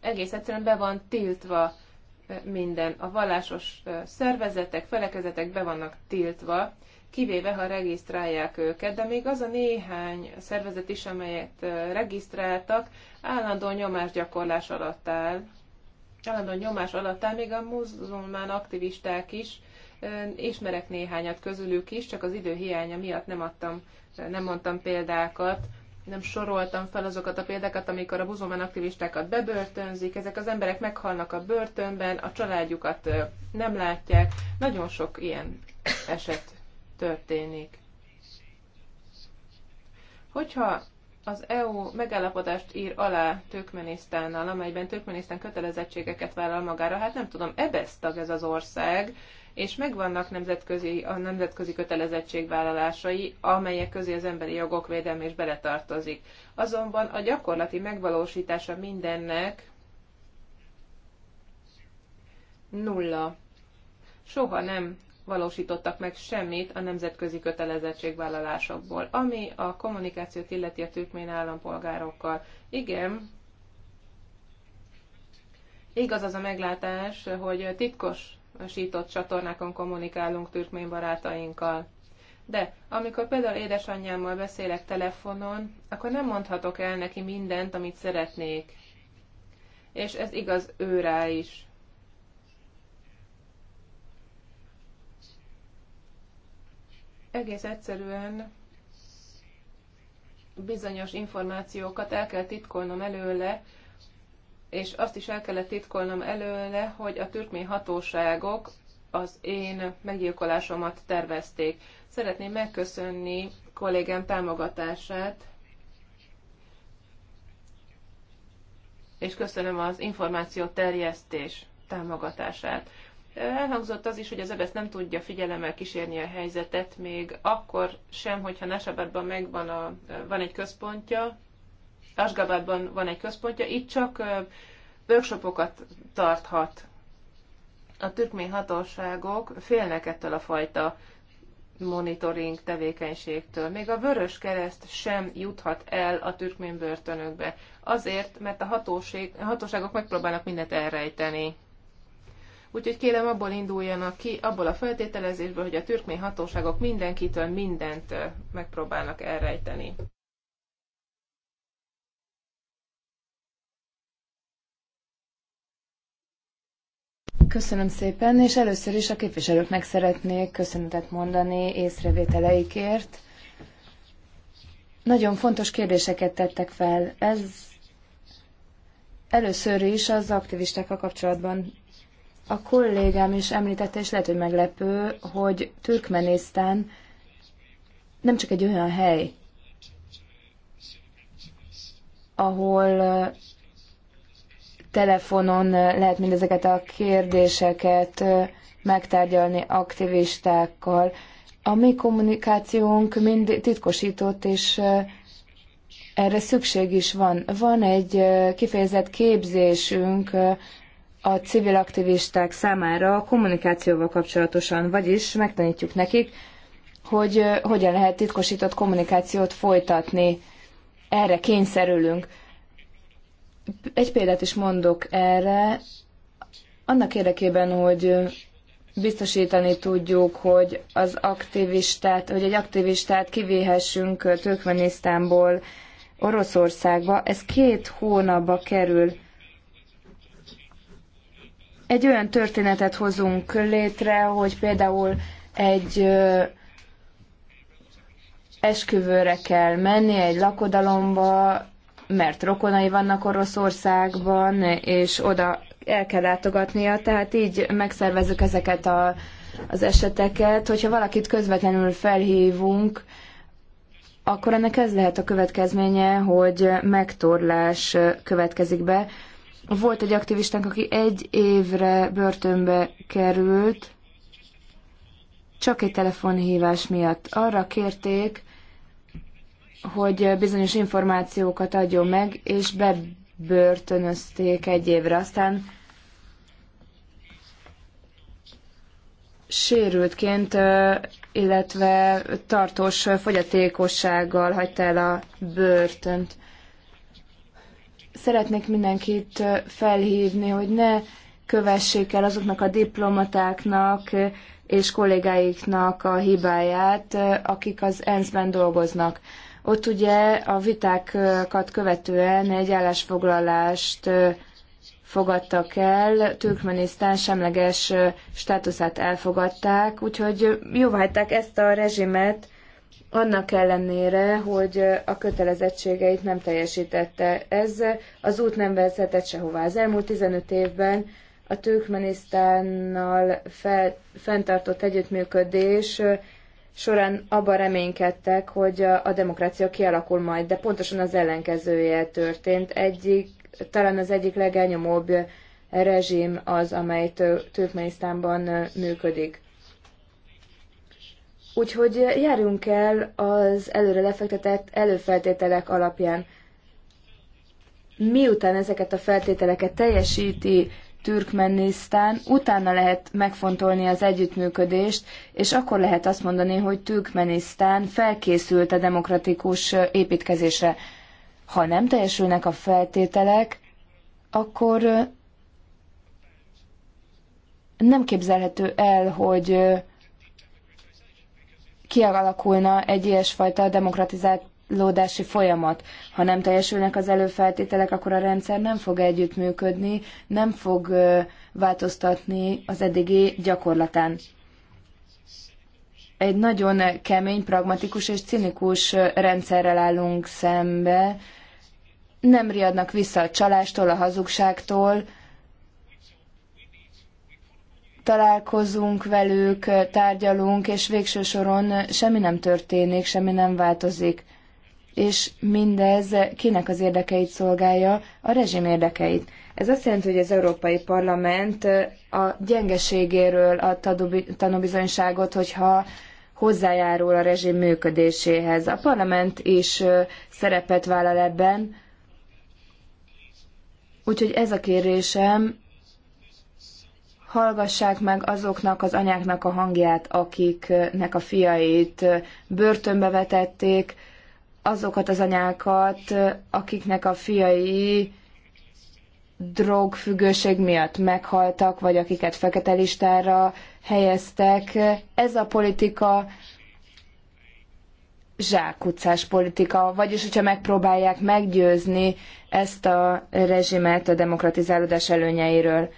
Egész egyszerűen be van tiltva eh, minden. A vallásos eh, szervezetek, felekezetek be vannak tiltva, kivéve ha regisztrálják őket, de még az a néhány szervezet is, amelyet regisztráltak, állandó nyomásgyakorlás alatt áll. Állandó nyomás alatt áll még a muzulmán aktivisták is, ismerek néhányat közülük is, csak az idő hiánya miatt nem adtam, nem mondtam példákat, nem soroltam fel azokat a példákat, amikor a muzulmán aktivistákat bebörtönzik, ezek az emberek meghalnak a börtönben, a családjukat nem látják, nagyon sok ilyen eset történik. Hogyha az EU megállapodást ír alá Türkmenisztánnal, amelyben Türkmenisztán kötelezettségeket vállal magára, hát nem tudom, ebesztag ez az ország, és megvannak nemzetközi, a nemzetközi kötelezettségvállalásai, amelyek közé az emberi jogok védelme is beletartozik. Azonban a gyakorlati megvalósítása mindennek nulla. Soha nem valósítottak meg semmit a nemzetközi kötelezettségvállalásokból, ami a kommunikációt illeti a türkmén állampolgárokkal. Igen, igaz az a meglátás, hogy titkos sított csatornákon kommunikálunk türkmén barátainkkal. De amikor például édesanyjámmal beszélek telefonon, akkor nem mondhatok el neki mindent, amit szeretnék. És ez igaz őrá is. Egész egyszerűen bizonyos információkat el kell titkolnom előle, és azt is el kellett titkolnom előle, hogy a türkmén hatóságok az én meggyilkolásomat tervezték. Szeretném megköszönni kollégám támogatását, és köszönöm az információ terjesztés támogatását. Elhangzott az is, hogy az ebesz nem tudja figyelemmel kísérni a helyzetet, még akkor sem, hogyha Nesabadban megvan a, van egy központja, Asgabadban van egy központja, itt csak workshopokat tarthat. A türkmény hatóságok félnek ettől a fajta monitoring tevékenységtől. Még a Vörös Kereszt sem juthat el a türkmén börtönökbe. Azért, mert a, hatóség, a hatóságok megpróbálnak mindent elrejteni. Úgyhogy kérem abból induljanak ki, abból a feltételezésből, hogy a türkmény hatóságok mindenkitől mindent megpróbálnak elrejteni. Köszönöm szépen, és először is a képviselőknek szeretnék köszönetet mondani észrevételeikért. Nagyon fontos kérdéseket tettek fel. Ez először is az aktivistákkal kapcsolatban a kollégám is említette, és lehet, hogy meglepő, hogy Türkmenisztán nem csak egy olyan hely, ahol telefonon lehet mindezeket a kérdéseket megtárgyalni aktivistákkal. A mi kommunikációnk mind titkosított, és erre szükség is van. Van egy kifejezett képzésünk a civil aktivisták számára a kommunikációval kapcsolatosan, vagyis megtanítjuk nekik, hogy hogyan lehet titkosított kommunikációt folytatni. Erre kényszerülünk. Egy példát is mondok erre. Annak érdekében, hogy biztosítani tudjuk, hogy az aktivistát, hogy egy aktivistát kivéhessünk Türkmenisztánból Oroszországba, ez két hónapba kerül egy olyan történetet hozunk létre, hogy például egy esküvőre kell menni, egy lakodalomba, mert rokonai vannak Oroszországban, és oda el kell látogatnia, tehát így megszervezzük ezeket a, az eseteket. Hogyha valakit közvetlenül felhívunk, akkor ennek ez lehet a következménye, hogy megtorlás következik be, volt egy aktivistánk, aki egy évre börtönbe került, csak egy telefonhívás miatt. Arra kérték, hogy bizonyos információkat adjon meg, és bebörtönözték egy évre. Aztán sérültként, illetve tartós fogyatékossággal hagyta el a börtönt szeretnék mindenkit felhívni, hogy ne kövessék el azoknak a diplomatáknak és kollégáiknak a hibáját, akik az ENSZ-ben dolgoznak. Ott ugye a vitákat követően egy állásfoglalást fogadtak el, Türkmenisztán semleges státuszát elfogadták, úgyhogy jóváhagyták ezt a rezsimet, annak ellenére, hogy a kötelezettségeit nem teljesítette. Ez az út nem vezetett sehová. Az elmúlt 15 évben a Türkmenisztánnal fel, fenntartott együttműködés során abban reménykedtek, hogy a demokrácia kialakul majd, de pontosan az ellenkezője történt. Egyik, talán az egyik legelnyomóbb rezsim az, amely Türkmenisztánban működik. Úgyhogy járjunk el az előre lefektetett előfeltételek alapján. Miután ezeket a feltételeket teljesíti Türkmenisztán, utána lehet megfontolni az együttműködést, és akkor lehet azt mondani, hogy Türkmenisztán felkészült a demokratikus építkezésre. Ha nem teljesülnek a feltételek, akkor nem képzelhető el, hogy kialakulna egy ilyesfajta demokratizálódási folyamat. Ha nem teljesülnek az előfeltételek, akkor a rendszer nem fog együttműködni, nem fog változtatni az eddigi gyakorlatán. Egy nagyon kemény, pragmatikus és cinikus rendszerrel állunk szembe. Nem riadnak vissza a csalástól, a hazugságtól, találkozunk velük, tárgyalunk, és végső soron semmi nem történik, semmi nem változik. És mindez kinek az érdekeit szolgálja? A rezsim érdekeit. Ez azt jelenti, hogy az Európai Parlament a gyengeségéről a tanúbizonyságot, hogyha hozzájárul a rezsim működéséhez. A parlament is szerepet vállal ebben, úgyhogy ez a kérésem, hallgassák meg azoknak az anyáknak a hangját, akiknek a fiait börtönbe vetették, azokat az anyákat, akiknek a fiai drogfüggőség miatt meghaltak, vagy akiket fekete listára helyeztek. Ez a politika zsákutcás politika, vagyis hogyha megpróbálják meggyőzni ezt a rezsimet a demokratizálódás előnyeiről.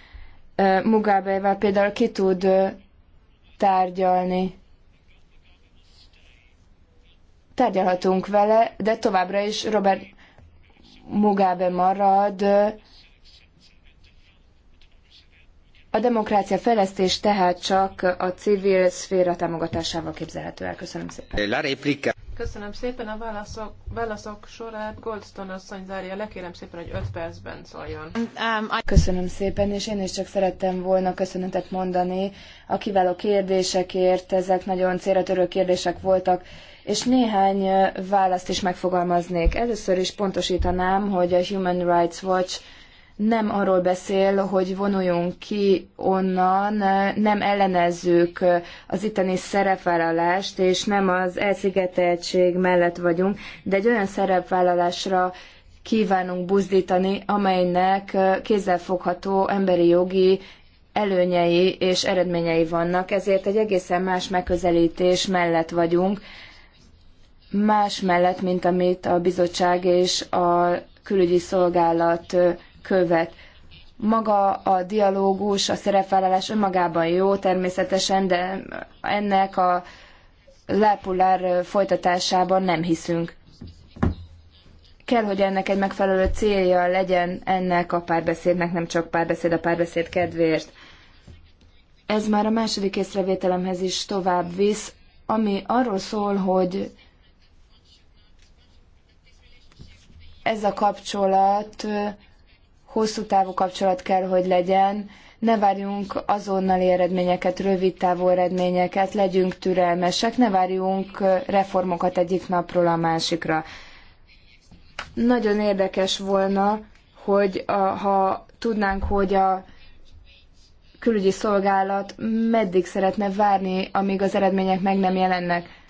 Mugabevel például ki tud tárgyalni. Tárgyalhatunk vele, de továbbra is Robert Mugabe marad. A demokrácia fejlesztés tehát csak a civil szféra támogatásával képzelhető el. Köszönöm szépen. La replica. Köszönöm szépen. A válaszok, válaszok sorát Goldstone asszony zárja Lekérem szépen, hogy 5 percben szóljon. Um, Köszönöm szépen, és én is csak szerettem volna köszönetet mondani a kiváló kérdésekért. Ezek nagyon célra kérdések voltak, és néhány választ is megfogalmaznék. Először is pontosítanám, hogy a Human Rights Watch nem arról beszél, hogy vonuljunk ki onnan, nem ellenezzük az itteni szerepvállalást, és nem az elszigeteltség mellett vagyunk, de egy olyan szerepvállalásra kívánunk buzdítani, amelynek kézzelfogható emberi jogi előnyei és eredményei vannak, ezért egy egészen más megközelítés mellett vagyunk, más mellett, mint amit a bizottság és a külügyi szolgálat követ. Maga a dialógus, a szerepvállalás önmagában jó természetesen, de ennek a lápulár folytatásában nem hiszünk. Kell, hogy ennek egy megfelelő célja legyen ennek a párbeszédnek, nem csak párbeszéd a párbeszéd kedvéért. Ez már a második észrevételemhez is tovább visz, ami arról szól, hogy ez a kapcsolat hosszú távú kapcsolat kell, hogy legyen, ne várjunk azonnali eredményeket, rövid távú eredményeket, legyünk türelmesek, ne várjunk reformokat egyik napról a másikra. Nagyon érdekes volna, hogy a, ha tudnánk, hogy a külügyi szolgálat meddig szeretne várni, amíg az eredmények meg nem jelennek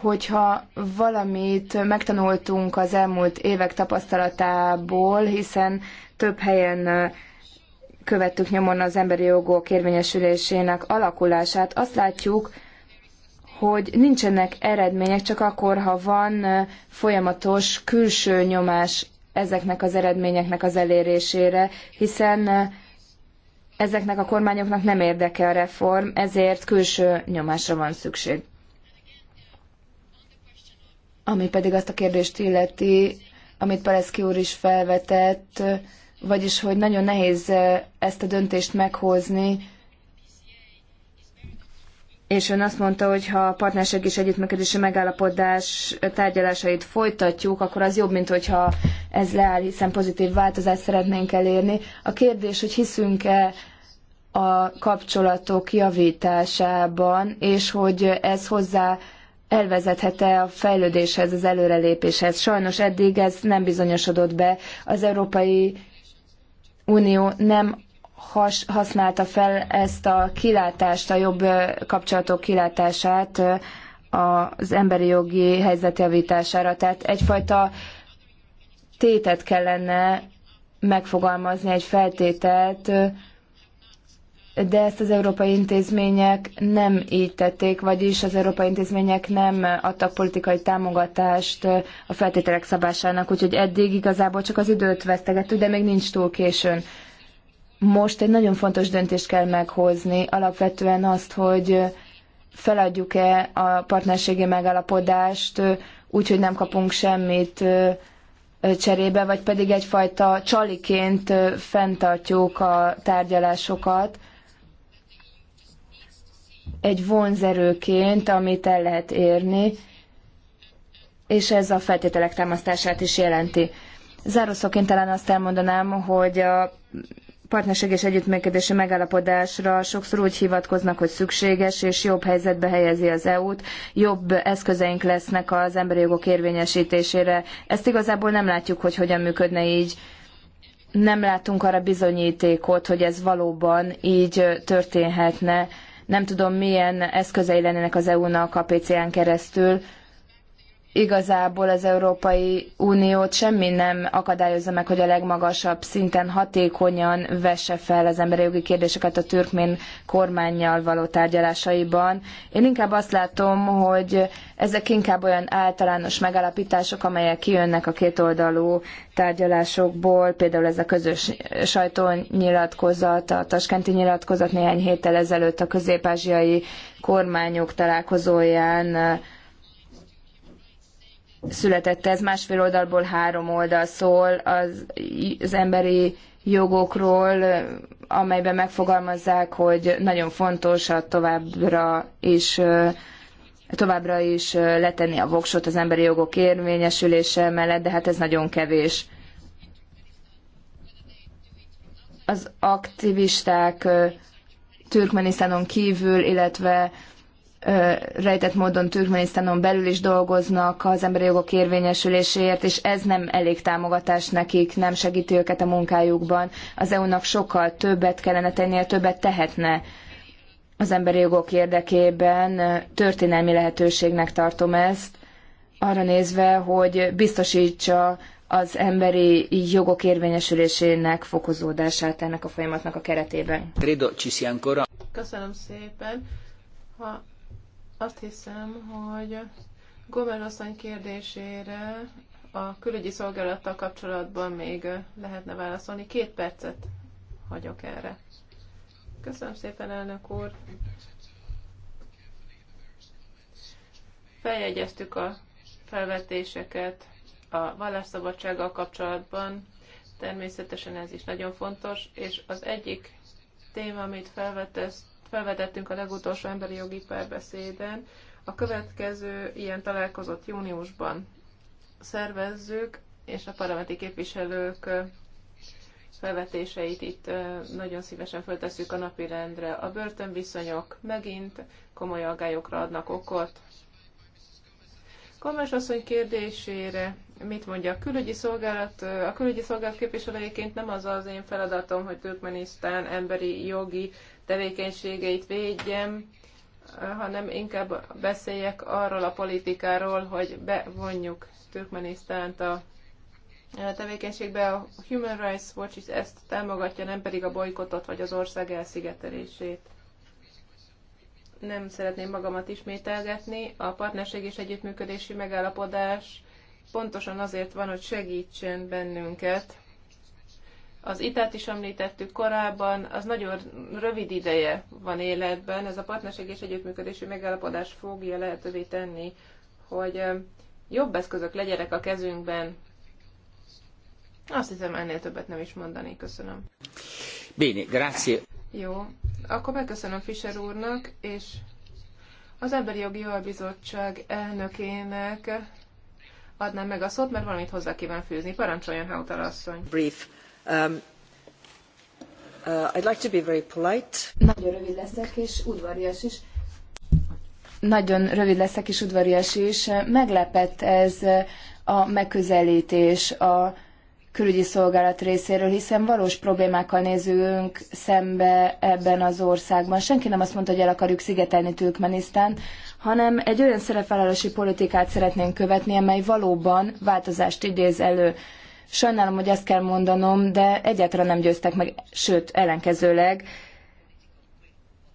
hogyha valamit megtanultunk az elmúlt évek tapasztalatából, hiszen több helyen követtük nyomon az emberi jogok érvényesülésének alakulását, azt látjuk, hogy nincsenek eredmények csak akkor, ha van folyamatos külső nyomás ezeknek az eredményeknek az elérésére, hiszen ezeknek a kormányoknak nem érdeke a reform, ezért külső nyomásra van szükség. Ami pedig azt a kérdést illeti, amit Paleszki úr is felvetett, vagyis hogy nagyon nehéz eh, ezt a döntést meghozni, és ön azt mondta, hogy ha a partnerség és együttműködési megállapodás tárgyalásait folytatjuk, akkor az jobb, mint hogyha ez leáll, hiszen pozitív változást szeretnénk elérni. A kérdés, hogy hiszünk-e a kapcsolatok javításában, és hogy ez hozzá elvezethet-e a fejlődéshez, az előrelépéshez. Sajnos eddig ez nem bizonyosodott be. Az Európai Unió nem has, használta fel ezt a kilátást, a jobb kapcsolatok kilátását az emberi jogi helyzet javítására. Tehát egyfajta tétet kellene megfogalmazni, egy feltételt, de ezt az európai intézmények nem így tették, vagyis az európai intézmények nem adtak politikai támogatást a feltételek szabásának, úgyhogy eddig igazából csak az időt vesztegettük, de még nincs túl későn. Most egy nagyon fontos döntést kell meghozni, alapvetően azt, hogy feladjuk-e a partnerségi megállapodást úgy, hogy nem kapunk semmit cserébe, vagy pedig egyfajta csaliként fenntartjuk a tárgyalásokat, egy vonzerőként, amit el lehet érni, és ez a feltételek támasztását is jelenti. Zárószóként talán azt elmondanám, hogy a partnerség és együttműködési megállapodásra sokszor úgy hivatkoznak, hogy szükséges és jobb helyzetbe helyezi az EU-t, jobb eszközeink lesznek az emberi jogok érvényesítésére. Ezt igazából nem látjuk, hogy hogyan működne így. Nem látunk arra bizonyítékot, hogy ez valóban így történhetne nem tudom milyen eszközei lennének az EU-nak a PCN keresztül, igazából az Európai Uniót semmi nem akadályozza meg, hogy a legmagasabb szinten hatékonyan vesse fel az emberi jogi kérdéseket a türkmén kormányjal való tárgyalásaiban. Én inkább azt látom, hogy ezek inkább olyan általános megállapítások, amelyek kijönnek a kétoldalú tárgyalásokból, például ez a közös sajtónyilatkozat, a taskenti nyilatkozat néhány héttel ezelőtt a közép-ázsiai kormányok találkozóján született ez, másfél oldalból három oldal szól az, az emberi jogokról, amelyben megfogalmazzák, hogy nagyon fontos a továbbra is továbbra is letenni a voksot az emberi jogok érvényesülése mellett, de hát ez nagyon kevés. Az aktivisták Türkmenisztánon kívül, illetve rejtett módon Türkmenisztánon belül is dolgoznak az emberi jogok érvényesüléséért, és ez nem elég támogatás nekik, nem segíti őket a munkájukban. Az EU-nak sokkal többet kellene tennie, többet tehetne az emberi jogok érdekében. Történelmi lehetőségnek tartom ezt, arra nézve, hogy biztosítsa az emberi jogok érvényesülésének fokozódását ennek a folyamatnak a keretében. Köszönöm szépen. Ha azt hiszem, hogy Gomer asszony kérdésére a külügyi szolgálattal kapcsolatban még lehetne válaszolni. Két percet hagyok erre. Köszönöm szépen, elnök úr. Feljegyeztük a felvetéseket a vallásszabadsággal kapcsolatban. Természetesen ez is nagyon fontos, és az egyik téma, amit felvetett, felvetettünk a legutolsó emberi jogi párbeszéden. A következő ilyen találkozott júniusban szervezzük, és a parlamenti képviselők felvetéseit itt nagyon szívesen föltesszük a napirendre. A börtönviszonyok megint komoly aggályokra adnak okot. Komes asszony kérdésére mit mondja a külügyi szolgálat? A külügyi szolgálat képviselőjeként nem az az én feladatom, hogy Türkmenisztán emberi jogi tevékenységeit védjem, hanem inkább beszéljek arról a politikáról, hogy bevonjuk Türkmenisztánt a tevékenységbe. A Human Rights Watch is ezt támogatja, nem pedig a bolykotot vagy az ország elszigetelését. Nem szeretném magamat ismételgetni. A partnerség és együttműködési megállapodás pontosan azért van, hogy segítsen bennünket az itát is említettük korábban, az nagyon rövid ideje van életben. Ez a partnerség és együttműködési megállapodás fogja lehetővé tenni, hogy jobb eszközök legyenek a kezünkben. Azt hiszem, ennél többet nem is mondani. Köszönöm. Bene, grazie. Jó, akkor megköszönöm Fischer úrnak, és az Emberi Jogi Albizottság elnökének adnám meg a szót, mert valamit hozzá kíván fűzni. Parancsoljon, Hautala asszony. Brief. Um, uh, Nagyon rövid leszek, és udvarias is. Nagyon rövid leszek, és udvarias is. Meglepett ez a megközeltés a külügyi szolgálat részéről, hiszen valós problémákkal nézünk szembe ebben az országban. Senki nem azt mondta, hogy el akarjuk szigetelni Türkmenisztánt, hanem egy olyan szerepvállalási politikát szeretnénk követni, amely valóban változást idéz elő. Sajnálom, hogy ezt kell mondanom, de egyáltalán nem győztek meg, sőt, ellenkezőleg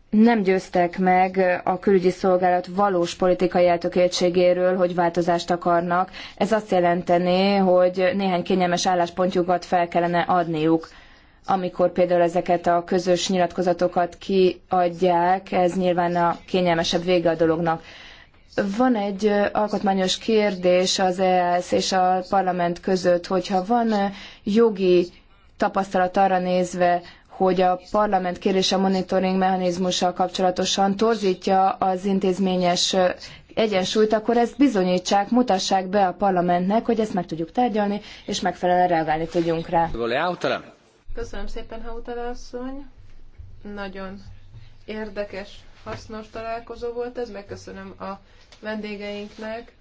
nem győztek meg a külügyi szolgálat valós politikai eltökéltségéről, hogy változást akarnak. Ez azt jelenteni, hogy néhány kényelmes álláspontjukat fel kellene adniuk. Amikor például ezeket a közös nyilatkozatokat kiadják, ez nyilván a kényelmesebb vége a dolognak. Van egy alkotmányos kérdés az EASZ és a parlament között, hogyha van jogi tapasztalat arra nézve, hogy a parlament kérése monitoring mechanizmussal kapcsolatosan torzítja az intézményes egyensúlyt, akkor ezt bizonyítsák, mutassák be a parlamentnek, hogy ezt meg tudjuk tárgyalni, és megfelelően reagálni tudjunk rá. Köszönöm szépen, Hautala asszony. Nagyon érdekes, hasznos találkozó volt ez. Megköszönöm a vendégeinknek,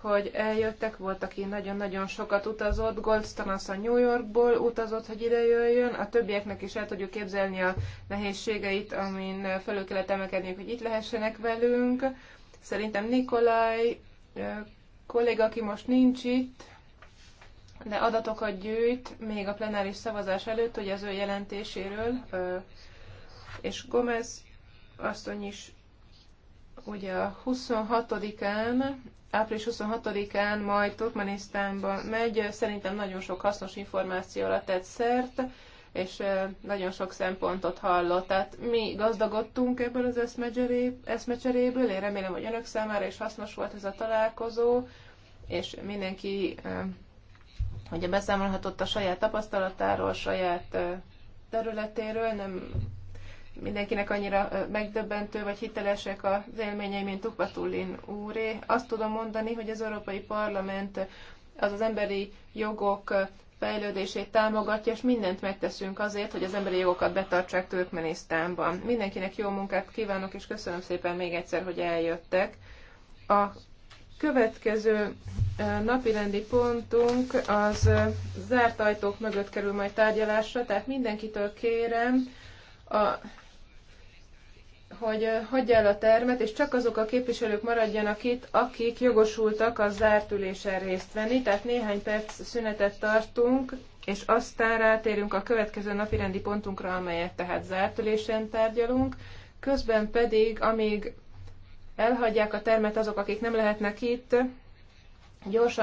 hogy eljöttek, volt, aki nagyon-nagyon sokat utazott, Goldstone az a New Yorkból utazott, hogy ide jöjjön, a többieknek is el tudjuk képzelni a nehézségeit, amin felül kellett emelkedniük, hogy itt lehessenek velünk. Szerintem Nikolaj kolléga, aki most nincs itt, de adatokat gyűjt még a plenáris szavazás előtt, hogy az ő jelentéséről, és Gomez asszony is Ugye a 26-án, április 26-án majd Turkmenisztánba megy, szerintem nagyon sok hasznos információra tett szert, és nagyon sok szempontot hallott. Tehát mi gazdagodtunk ebből az eszmecseréből, én remélem, hogy önök számára is hasznos volt ez a találkozó, és mindenki hogy beszámolhatott a saját tapasztalatáról, saját területéről, nem mindenkinek annyira megdöbbentő vagy hitelesek az élményei, mint Tupatullin úré. Azt tudom mondani, hogy az Európai Parlament az az emberi jogok fejlődését támogatja, és mindent megteszünk azért, hogy az emberi jogokat betartsák Türkmenisztánban. Mindenkinek jó munkát kívánok, és köszönöm szépen még egyszer, hogy eljöttek. A következő napirendi pontunk az zárt ajtók mögött kerül majd tárgyalásra, tehát mindenkitől kérem, a hogy hagyja el a termet, és csak azok a képviselők maradjanak itt, akik jogosultak a zárt ülésen részt venni. Tehát néhány perc szünetet tartunk, és aztán rátérünk a következő napi rendi pontunkra, amelyet tehát zárt ülésen tárgyalunk. Közben pedig, amíg elhagyják a termet azok, akik nem lehetnek itt, gyorsan